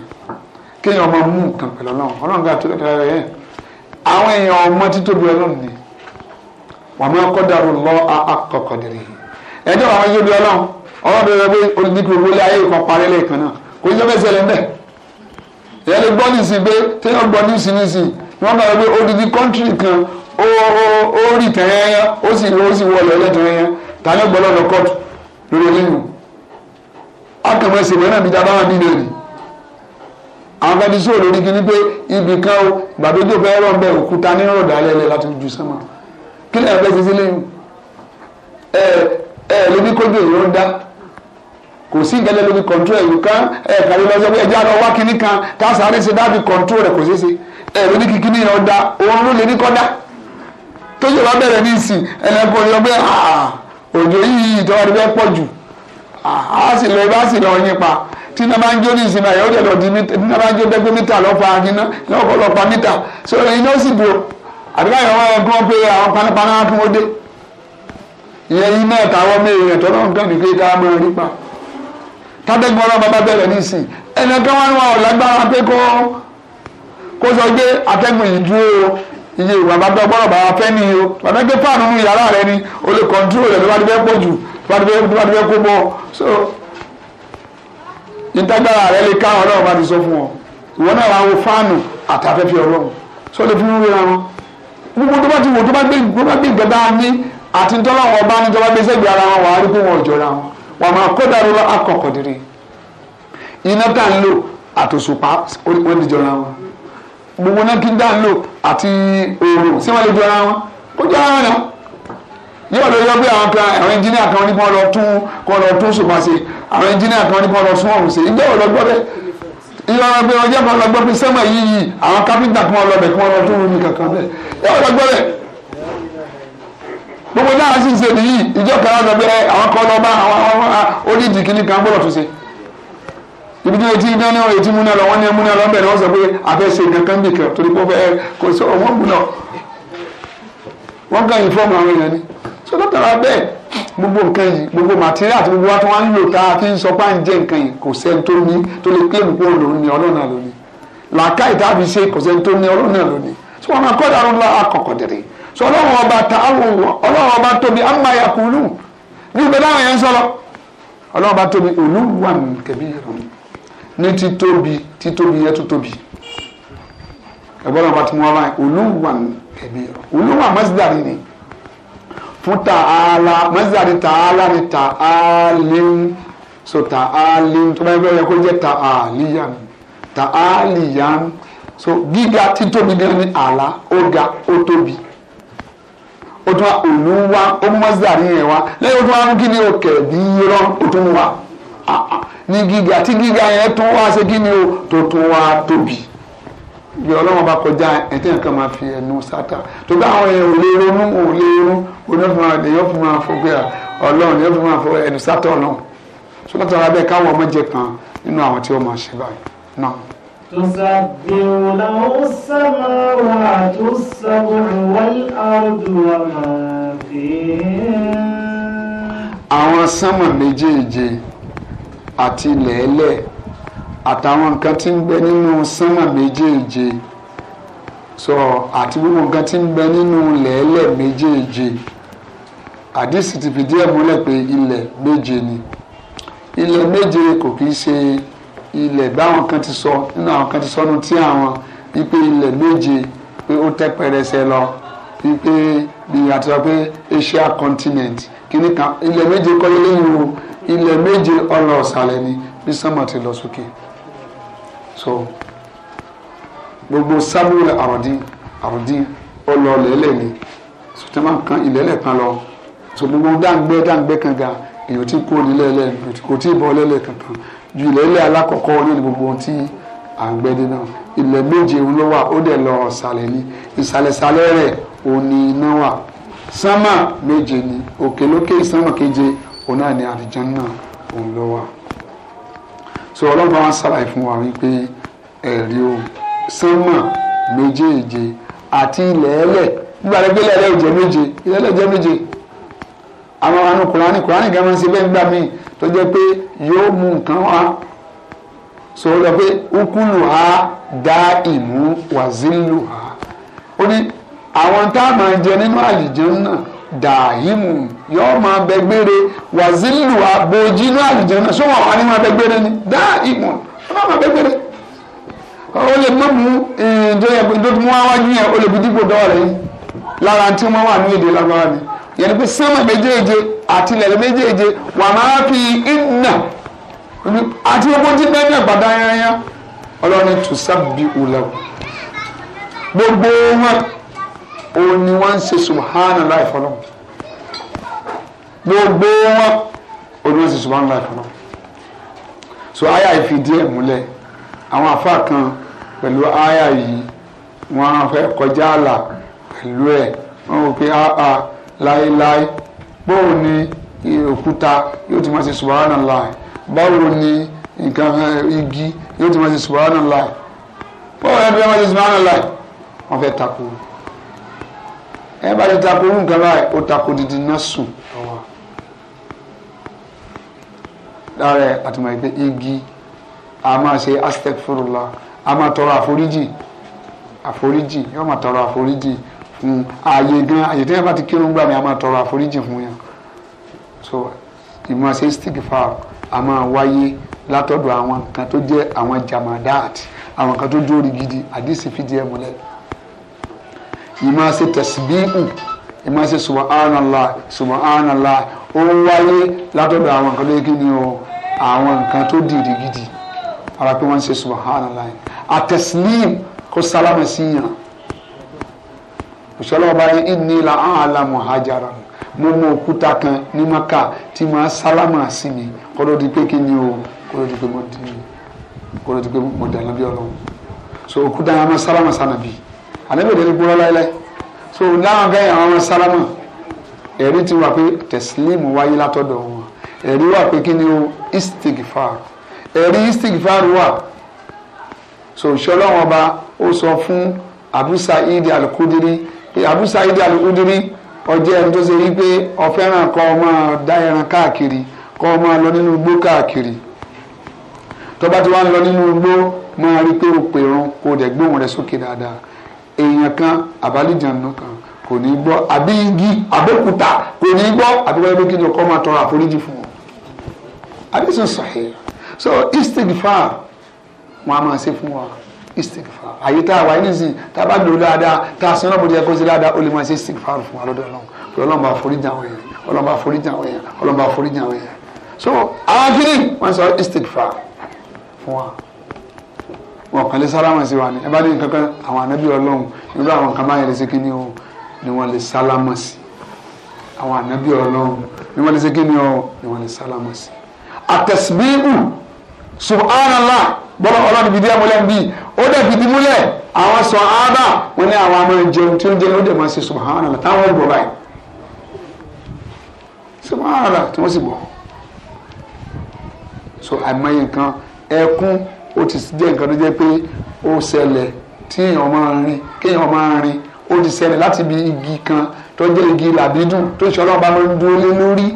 kéèyàn ọmọ mú nǹkan pẹ̀lú ọlọ́run ọlọ́run ga yẹn àwọn èèyàn ọmọ títóbi ọlọ́run ni wọ́n máa kọ́ dàrú dèrè wọ́n yé ọlọ́run ọlọ́run bẹ̀rẹ̀ pé olùdíkùn owó ayé parí lẹ́ẹ̀kan náà kò ní mbẹ́ lè gbọ́ nísìnyí pé téèyàn gbọ́ nísìnyí nísìnyí wọ́n bá yọ ó ó rì tẹ́yẹ́yẹ́ ó sì lọ ó sì wọlé ẹlẹ́tẹ̀yẹ́yẹ́ tani gbọ́dọ̀ lọ kọ́ọ̀tù lórí eléyìí akẹ́mọ̀ ẹsẹ̀ mẹ́rin àbí dábàá wà nílé rẹ̀ àwọn kan ti sọ lórí kí ni pé ibì kan o gbàdójò fẹ́ rọ̀ bẹ́ẹ̀ òkúta ní rọ̀dà alẹ́lẹ́ láti ju sẹ́mà kí ni ẹ̀fẹ́ sisi lẹ́yìn ẹ ẹ lóbi kójú èyí ó dá kò sí nǹkan lẹ́nu bí kọ̀ǹtúrò kan ẹ̀ kàlẹ́ lọ́sọ̀ pé ẹ̀jẹ̀ àlọ́ wá kínní kan tá a sáré ṣe dábì kọ̀ǹtúrò rẹ̀ kò ṣeé ṣe ẹ̀ lóbi kíkíní yẹn ó dá òun ló lè ní kọ́ dá tó ṣe bá bẹ̀rẹ̀ ní ìsìn ẹnìkan yọ pé òjò yìí ìtọ́wádìí bẹ́ẹ̀ pọ̀ jù á ah, sì lọ bá sì lọ yín pa tí iná bá ń jó ní ìsìn náà yóò dẹ̀ lọ di mítà iná bá ń jó dẹ́gbẹ́ mítà lọ́pàá iná lọ́kọ̀ lọ́pàá mítà so iná sì dúró àdúrà yẹn wọ́n yẹ kí wọ́n pe àwọn panápaná kí wọ́n dé ìyẹn iná ẹ̀ta wọ́n mé èèyàn tọ́lọ́ nǹkan nìkan ká mọ́ ẹ̀rí pa tábẹ́gbọ́n ọlọ́ba bá bẹ̀rẹ̀ ní ìsìn ẹnì kan wọ́n wọ́n lágbára pé kó kó sọ pé atẹ́gùn yìí dúró iye ìwà bá gbọ́ gbọ́dọ̀ bá wa fẹ́ ni o bàbá gbé fáànù nínú yàrá rẹ ni o lè kọ́ńtúrò rẹ tó bá pọ̀ jù tó bá kó bọ̀ so ìtagbára rẹ lè ká ọlọ́run bá ti sọ fún ọ ìwọ náà wàá wo fáànù àtàfẹ́fẹ́ ọlọ́run so lè fi wúwo ra wọn gbogbo tó bá ti wò tó bá gbé nǹkan bá ní àti ntọ́láwọn ọba ní tó bá gbé sẹ́gbẹ̀ẹ́ ara wọn wàá rí pé wọn jọra wọn wà máa kó dàrú lọ akọ̀kọ̀dìrín iná tá ń lò àtòṣùpá ó ní jọra wọn gbogbo náà kí n dá ń lò àti òòrùn sí wọn lè jọra wọn ó jọra wọn náà yóò lọ yọ bí àwọn kan àwọn ẹnjìníà kan ní kí wọn lọ tún kọ lọ tún sùpà sí àwọn ẹnjìníà kan ní kí wọn lọ sún ọrùn sí ìjọ ò lọ gbọ́ bẹ ìyá wọn gbé wọn jẹ kàn lọ gbọ́ pé sẹmọ yìí àwọn kápẹ́ńtà kí wọn lọ bẹ kí wọn lọ tún rúmi kankan bẹ yóò lọ gbọ́ bẹ gbogbo náà sì ń ṣe ibi tí etí iná náà etí múná lọ wọn ní múná lọ bẹ́ẹ̀ ni wọn sọ pé abẹ́sẹ̀ kankan bì kan torí pé kò sọ wọn múná wọn kàn yín fọọmù àwọn èèyàn ni so lọ́tara bẹ́ẹ̀ gbogbo nǹkan yìí gbogbo màtíríà àti gbogbo wa tí wọ́n ń lò tá a fi ń sọ pé à ń jẹ nǹkan yìí kò sẹ́ni tó ní tó lè pé nǹkan òun ní ọlọ́run náà lónìí làákàyè tá fi ṣe kò sẹ́ni tó ní ọlọ́run náà lónìí so wọn máa kọ́dà ọlọ́run akọ̀kọ̀ so ọlọ́run ọba ta ọlọ́run ọba tóbi amáyakùnú ní ìgbẹ́ láwọn yẹn ń sọ ní títóbi títóbi yẹn tó tóbi ẹgbọ́n náà bá ti mú ọlá yẹn olúwa ẹ̀mí olúwa mọ́sídàrí ni fún tààlà mọ́sídàrí tààlà ni tààlì so tààlì tó bá yẹ kó jẹ́ tààlìyàn tààlìyàn so gíga títóbi gan ni àlá ó ga ó tóbi o tún wá olúwa ó mọ́sídàrí yẹn wá lẹ́yìn ó tún wá ń kí ni òkè bí irọ́ ó tún wá àà. Ah, ah ní gíga tí gíga yẹn tún wá ṣe kí ni o tó tún wá tóbi yọ ọlọ́run bá kọjá ẹ̀tẹ́ nǹkan máa fi ẹnu sátà tó bá àwọn èèyàn ò lè ronú ò lè ronú onífúnra èèyàn fún máa fọ gbéra ọlọ́run èèyàn fún máa fọ ẹnu sátà ọlọ́run sọ́tà ara bẹ́ẹ̀ káwọn ọmọ jẹ kan nínú àwọn tí ó máa ṣe báyìí náà. àwọn sánmà méjèèje àti lẹ́ẹ̀lẹ̀ àtàwọn nǹkan tí ń bẹ nínú sánmà méjèèje sọ àti gbogbo nǹkan tí ń bẹ nínú lẹ́ẹ̀lẹ̀ méjèèje àdìsí ti fìdí ẹ̀ múlẹ̀ pé ilẹ̀ méje ni ilẹ̀ méje kò kì í ṣe ilẹ̀ báwọn kan ti sọ nínú àwọn kan ti sọnu tí àwọn wípé ilẹ̀ méje pé ó tẹ́ pẹrẹsẹ lọ wípé bí àti sọ pé Asia continent kìnnìkan ilẹ̀ méje kọ́ lé lẹ́yìn o ilẹ̀ méje ọlọ ọ̀sàlẹ̀ ni bí sánmà ti lọ sókè so gbogbo sábúrò àròdín àròdín ọlọ ọlẹ́lẹ̀ ni sọtẹ́mà kan ìlẹ́lẹ̀ kan lọ so gbogbo dáńgbẹ́ dáńgbẹ́ kan ga èyí tí kò ní lẹ́lẹ̀ kò tí ì bọ́ lẹ́lẹ̀ kankan ju ìlẹ́lẹ̀ alákọ̀ọ́kọ́ ní gbogbo ohun tí à ń gbẹ́dẹ́ náà ilẹ̀ méje òun ló wà ó dẹ̀ lọ ọ̀sàlẹ̀ ni ìsàlẹ̀sàlẹ̀ rẹ̀ òun ni iná wà sánmà méje ni òkèlókè sánmà keje òun náà ni àlìjánná òun ló wà so ọlọ́run bá wọn ṣàlàyé fún wa wípé ẹ̀rí o sánmà méjèèje àti ilẹ̀ ẹlẹ̀ nígbà tó gbé ilẹ̀ ẹlẹ́ méje ilẹ̀ ẹlẹ́ jẹ́ méje àwọn àwọn kùránì kùránì gan máa ń ṣe bẹ́ẹ̀ nígbà míì tó jẹ́ pé yóò mú nǹkan wá so ó lọ pé ukulu ha dá ìmú wàzílù ha ó ní àwọn tá a máa jẹ nínú àlìjánná dàhímù yóò máa bẹ gbére wàzílù àbòjì inú àlùjànnà sọ́wọ́n àwọn ni máa bẹ gbére ni dàhímù wọ́n máa bẹ gbére o lè mọ̀ mú eh, ǹjẹ́ ẹ̀dọ́ tí wá yín ẹ̀ o lè fi dípò dọ́wọ́ rẹ̀ yín lára tí wọ́n wà ní èdè lágbára ni yẹn ni pé sẹ́mọ̀ méjèèje àti ilẹ̀ méjèèje wà máa fi ìnà àti owó tí bẹ́ẹ̀ ní àgbàdo ayẹyẹ ọlọ́run tùsàbí òlà gbogbo wọn òun ni wọ́n ń ṣe subhanallah ìfọ́nà gbogbo wọn òun ni wọ́n ń ṣe subhanallah ìfọ́nà so aya ìfìdí ẹ̀ múlẹ̀ àwọn àfáà kan pẹ̀lú aya yìí wọ́n fẹ́ kọjá àlà pẹ̀lú ẹ̀ wọ́n rò pé áà láéláé bóun ni òkúta yóò ti máa ṣe subhanallah báwo ni nǹkan eh, igi yóò ti máa ṣe subhanallah báwo ni ẹgbẹ́ máa ṣe subhanallah wọ́n fẹ́ takò ẹ bá ti tako irú nǹkan báyìí ó tako didi náà sùn lára ẹ àtìmọ̀ ìpè igi a máa ṣe astaghfirullah a máa tọrọ àforíjì àforíjì yóò máa tọrọ àforíjì fún ààyè gan àyè tí wọn bá ti kírun gbà mí a máa tọrọ àforíjì fún yẹn so ìmọ̀ ṣe stick fowl a máa wáyé látọ̀dọ̀ àwọn kan tó jẹ́ àwọn jamadat àwọn kan tó jórí gidi àdìsí fìdí ẹ̀ múlẹ̀ ìmọ̀ ṣe tẹ̀síbíhù ìmọ̀ ṣe subhanallah subhanallah ó ń wáyé látọ̀dọ̀ àwọn nǹkan tó yẹ kí ni o àwọn nǹkan tó dìrì gidi ara pé wọ́n ń ṣe subhanallah àtẹ̀sílìm kó sálámà sí yàn òṣèlú ọba ní ìní la àhàlà mọ̀hájára mo mọ òkúta kan ní maka tí máa sálámà sí mi kó ló di pé kí ni o kó ló di pé mo di kó ló di pé mo dànù bí ọlọ́run so òkúta yẹn a máa sálámà sànàbí ànábì òde ní gbúrọ́ láíláí so láwọn gẹ́yìn àwọn sálámà ẹ̀rí ti wà pé tẹ̀sílímù wáyé látọ̀dọ̀ wọn ẹ̀rí wà pé kí ni o istigfar ẹ̀rí istigfar wà so ìṣọlọ́wọ́n ọba ó fún Abu Sa'id al-Khudri Abu Sa'id al-Khudri ọjọ́ ẹni tó ṣe rí pé ọ̀fẹ́ràn kọ́ ọ máa dá ẹran káàkiri kọ́ ọ máa lọ nínú igbó káàkiri tó bá ti wá ń nínú igbó máa rí pé o pèrun kó o dẹ̀ gbóhùn rẹ sókè dáadáa èèyàn kan àbálìjànù kan kò ní gbọ́ àbí igi àbókúta kò ní gbọ́ àbí wọ́n yẹ kí ni ọkọ máa tọrọ àforíjì fún wọn. àdìsàn sàhẹ́ so istigfar wọn a máa ṣe fún wa istigfar àyè tá a wà yín nísìnyí tá a bá lò dáadáa tá a sin ọlọ́mọ díẹ̀ kó ṣe dáadáa ó lè máa ṣe istigfar fún wa lọ́dọ̀ ọlọ́run pé ọlọ́run bá foríjì àwọn èèyàn ọlọ́run bá foríjì so àwọn kiri wọn sọ istigfar fún wa wọn kàn lè sálámà sí wa ni ẹ bá dé nǹkan kan àwọn ànábì ọlọ́run irú àwọn nǹkan báyẹn lè ṣe kí ni o ni wọ́n lè sálámà sí àwọn ànábì ọlọ́run ni wọ́n lè ṣe kí ni o ni wọ́n lè sálámà sí. àtẹ̀síbíhù subhanallah bọ́lá ọlọ́run ibi díẹ̀ múlẹ̀ bíi ó dẹ̀ fìdí múlẹ̀ àwọn sọ ábà wọn ní àwọn àmọ́ ìjẹun tí ó jẹun ó dẹ̀ máa ṣe subhanallah táwọn ò bọ̀ báyìí subhanallah tí wọ́n sì bọ̀ so àìmọye nǹkan ó ti jẹ́ nǹkan tó jẹ́ pé ó ṣẹlẹ̀ tí èèyàn máa ń rìn kéèyàn máa ń rìn ó ti ṣẹlẹ̀ láti ibi igi kan tó jẹ́ igi làbídùn tó ṣe ọlọ́ọ̀bá máa ń dúró lé lórí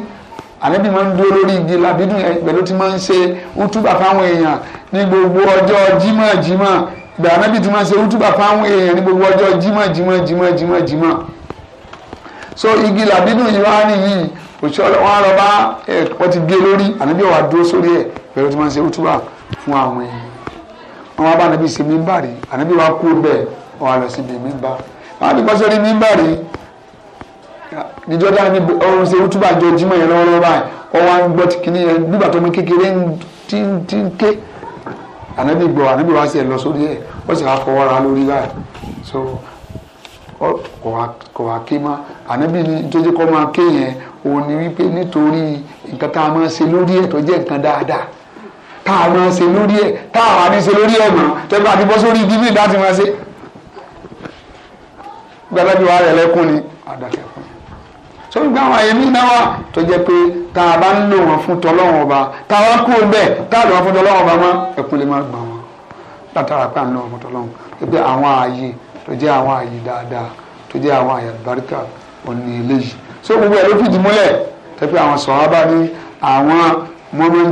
ànábì máa ń dúró lórí igi làbídùn yẹn pẹ̀lú tí máa ń ṣe útúbà fáwọn èèyàn ní gbogbo ọjọ́ jímọ̀ jímọ̀ gbà ànábì tí máa ń ṣe útúbà fáwọn èèyàn ní gbogbo ọjọ́ jímọ̀ jímọ̀ jímọ̀ jímọ̀ jímọ̀ so igi làbídùn yìí wá nìyí òṣìṣẹ́ wọn lọ bá ẹ̀ wọ́n ti gé lórí ànábì wà dúró sórí ẹ̀ pẹ̀lú tí máa ń ṣe útúbà fún àwọn èèyàn àwọn abá anabi ṣe mímbàrí anabi wa kú bẹ́ẹ̀ wọn lọ síbi mímbà wọn àti pàṣẹ rí mímbàrí níjọ́ dáa ní ọrùn ṣe wútúbà jọ jímọ̀ yẹn lọ́wọ́lọ́wọ́ báyìí ọwọ́ à ń gbọ́ kíní yẹn nígbà tó mú kékeré tí ń tí ń ké anabi gbọ́ anabi wa ṣe lọ sórí ẹ̀ ó sì fọwọ́ ra lórí báyìí so kò wá ké má ànábì ni jọjọ kọ́ máa ké yẹn òun ni wípé nítorí nǹkan tá a máa ṣe lórí ẹ̀ tó jẹ́ nǹkan dáadáa tá a máa ṣe lórí ẹ̀ tá a wà ní ṣe lórí ẹ̀ mọ́ tẹ́gbà àti bọ́ sórí ibi bíi láti máa ṣe. gbẹlẹ́bí wa rẹ̀ lẹ́kún ni àdàkẹ́ fún mi. sọ gbà wọn èmi náà wà tó jẹ́ pé tá a bá ń lò wọn fún tọ́lọ́wọ́n ọba tá a wá kúrò bẹ́ẹ̀ tá a lò wọn fún tọ́lọ́wọ́n ọba mọ́ ẹ̀kún lè má gbà wọn látara pé à ń lò wọn fún tọ́lọ́wọ́n pé àwọn ààyè tó jẹ́ àwọn ààyè dáadáa tó jẹ́ àwọn ààyè àlùbáríkà òní eléyìí so gbogbo ẹ̀ ń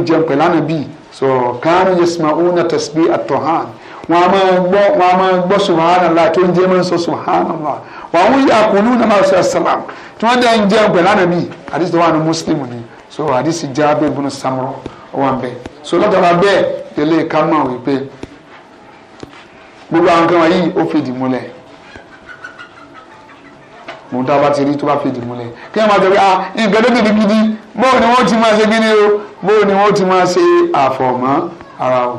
jẹun pẹ̀lú ànábì so kánú yasmauna tasbi atohan wọn a máa gbọ́ wọn a máa gbọ́ subhanallah tó ń jẹ́ máa ń sọ subhanallah wọn àwọn yìí àkùnú náà máa sọ salam tí wọ́n dẹ́ ń jẹun pẹ̀lú ànàbí àdìsí tó wà ní muslim ni so àdìsí Jabir ibn Samura ọwọ́ àbẹ̀ so lọ́tọ̀ọ̀la bẹ́ẹ̀ lélẹ́ẹ̀ká máa wípé gbogbo àwọn kan wọ̀nyí ó fìdí múlẹ̀ òun tá a bá ti rí tó bá fi dìmú lẹ kí wọn máa tẹ pé ah nǹkan tó tẹ̀lé gidi bóun ni wọn ti máa ṣe gidi o bóun ni wọn ti máa ṣe àfọ̀mọ́ ara o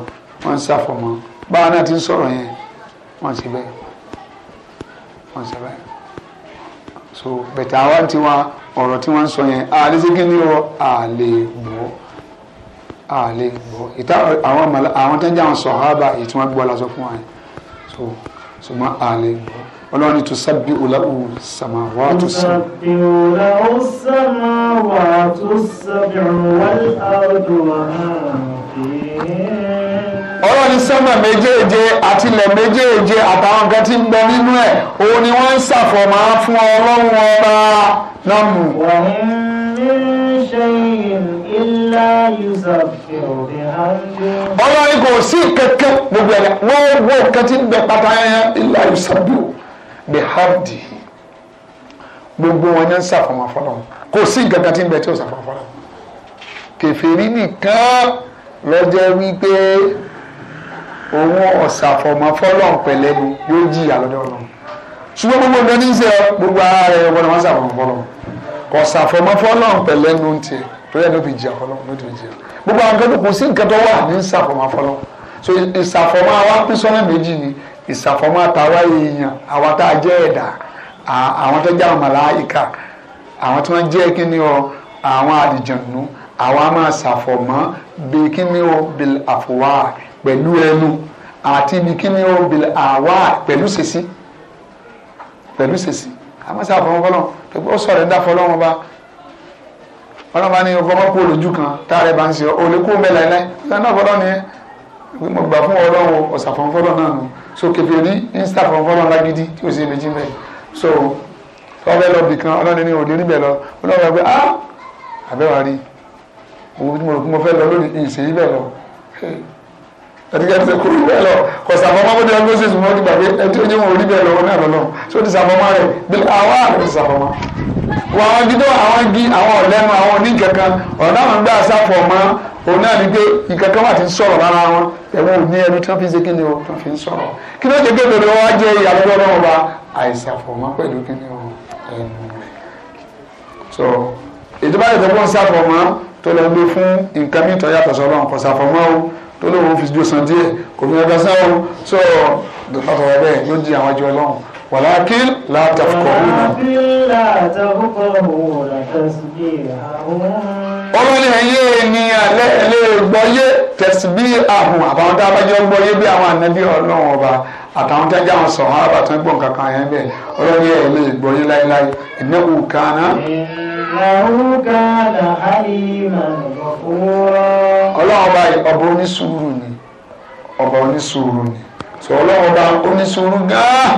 wọn ń ṣàfọ̀mọ́ báwa náà ti ń sọ̀rọ̀ yẹn wọn ṣe bẹ́ẹ̀ wọn ṣe bẹ́ẹ̀ so bẹ̀tẹ̀ àwa ti wá ọ̀rọ̀ tí wọ́n ń sọ yẹn àlè ṣe gidi o àlè gbọ́ àlè gbọ́ ìta àwọn àwọn tó ń jẹ́ àwọn sọ̀hábà èyí gbọ́ la sọ fún wa yẹn so ṣùgbọ́n àlè gbọ́ ọlọ́run ni tùsàbí òlàwù sàmáwá tó sàmì. tùsàbí òlàwù sàmáwá tó sàmì wàlú àdùnà ọ̀rọ̀ ní sẹ́mà méjèèje àtilẹ̀ méjèèje àtàwọn nǹkan tí ń bẹ nínú ẹ̀ òun ni wọ́n ń ṣàfọ̀mọ́ fún ọlọ́run ọba náà mú. wọ́n ń ọlọ́run kò sí kẹ̀kẹ́ gbogbo ẹ̀dá wọ́n wọ́n kẹ́tí ń bẹ pátá yẹn ilá yusabiu bihabdi gbogbo wọn ní ń sàfọmọ fọlọ́run kò sí nǹkan kan tí ń bẹ tí ò sàfọmọ fọlọ́run kèfèrí nìkan lọ́jọ́ wípé òun ọ̀sàfọmọ fọlọ́run pẹ̀lẹ́nu yóò jìyà lọ́dọ̀ ọlọ́run ṣùgbọ́n gbogbo nǹkan ní í ṣe gbogbo ara rẹ̀ ọgbọ́n wọn sàfọmọ fọlọ́run kò sàfọmọ fọlọ́run pẹ̀lẹ́nu ti torí ẹ̀ ló fi jìyà fọlọ́run ló fi jìyà gbogbo àwọn kan tó sí nǹkan tó wà ní ń sàfọmọ fọlọ́run so ìsàfọmọ wa pín sọ́nà méjì ni ìsàfọ́mọ́ àtàwọn èèyàn àwọn tá a jẹ́ ẹ̀dá àwọn tó jẹ́ àwọn màláìka àwọn tí wọ́n jẹ́ kí ni ọ àwọn àdìjànú àwọn a máa ṣàfọ̀mọ́ bí kí ni ó bil àfọwà pẹ̀lú ẹnu àti bí kí ni ó bil àwà pẹ̀lú sèṣì pẹ̀lú sèṣì a máa ṣàfọ̀mọ́ fọlọ́n pẹ̀lú ó sọ̀rọ̀ ẹ̀dá fọlọ́n ọba fọlọ́n bá ní ọfọmọ́ kú olójú kan táàrẹ̀ bá ń ṣe ọ òlékún mẹ́lẹ̀ láì náà fọlọ́n ni mo gbà fún ọlọ́run ọ̀sàfọ̀mọ́ fọlọ́n náà nù so kèfèrí ní instaf ọlọ́run lágídí tí ò sí méjì mẹ́ so ọbẹ̀ lọ bì kan ọlọ́run ní òde níbẹ̀ lọ ọlọ́run wà pé ah àbẹ́wà rí òun tí mo rò pé mo fẹ́ lọ lónìí ìṣèyí bẹ̀ lọ ẹnikẹ́ni ṣe kúrú bẹ́ẹ̀ lọ kò sàfọ́mọ́ bó dẹ́rẹ́ moses mọ́ ti gbàgbé ẹni tí ó jẹ́ wọn orí bẹ́ẹ̀ lọ́wọ́ náà lọ́nà tí ó ti sàfọ́mọ́ rẹ̀ bí àwa àti sàfọ́mọ́. wọ àwọn gidi àwọn gi àwọn ọ̀lẹ́nu àwọn oníkankan ọ̀nà àwọn gbà sàfọ́mọ́ òun náà ni pé ìkankan wà ti ń sọ̀rọ̀ lára wọn ẹ̀wọ̀n ò ní ẹnu tí wọ́n fi ń ṣe kíni o tó fi ń sọ̀rọ̀ kí ló jẹ́ gbèdè wọn wá jẹ́ ìyàwó ọlọ́run ọba àìsàfọ̀mọ́ pẹ̀lú kíni o ẹnu rẹ̀ so ètò báyìí tó kọ́ ń sàfọ̀mọ́ tó lọ gbé fún nǹkan mìíràn yàtọ̀ sọ́lọ́run kò sàfọ̀mọ́ o tó fi ju san díẹ̀ kò fi ọgbà sáà o sọ dọ̀fàtọ̀wà bẹ́ẹ̀ ló di àwọn àjọ ọlọ́run wàlákì látàkọ̀ ọlọ́ni ẹ̀yẹ́ ènìyàn lẹ́ẹ̀lẹ́ gbọ́yé tẹ̀síbí àhùn àbáwọn tá a bá jọ gbọ́yé bí àwọn ọlọ́run àtàwọn jẹjẹ àwọn sọ wọn àbàtàn gbọ nǹkan kan yẹn bẹ́ẹ̀ ọlọ́ni ẹ̀ lè gbọ́ yín láéláé ìnáwó kaná. ìnáwó kaná àlìmọ̀ ọlọ́run ọba ọba onísùúrù ni ọba onísùúrù ni sọ ọlọ́run ọba onísùúrù gan-an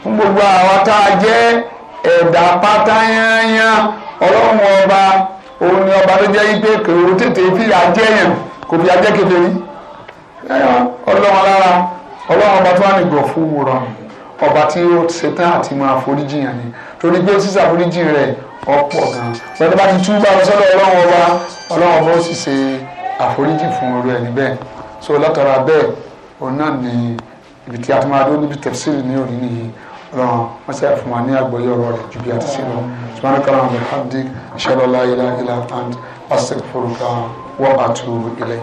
fún gbogbo àwa tá a jẹ́ ẹ̀dá pátá yányán ọlọ́run ọba òun ni ọba tó jẹ́ ipe kèrò tètè fìyà jẹ́yàn kò fìyà jẹ́ kedere ọlọ́run alára ọlọ́run ọba tó wà ní gọ̀fún wúrọ̀ ọba tí ó ṣe tán àti máa foríjì yàn ni torí pé ó sì ṣàforíjì rẹ̀ ọ̀pọ̀ gan pẹ̀lú bá ti túbà lọ sọ́dọ̀ ọlọ́run ọba ọlọ́run ọba ó sì ṣe àforíjì fún irú ẹni bẹ́ẹ̀ so látara bẹ́ẹ̀ òun náà ni ibi tí a ti máa dó níbi tẹ̀sílì ní òní nìyí ọlọ́run wọ́n ṣe àfihàn wa ní àgbọ́yé ọ̀rọ̀ rẹ̀ ju bí a ti ṣe lọ subhanahu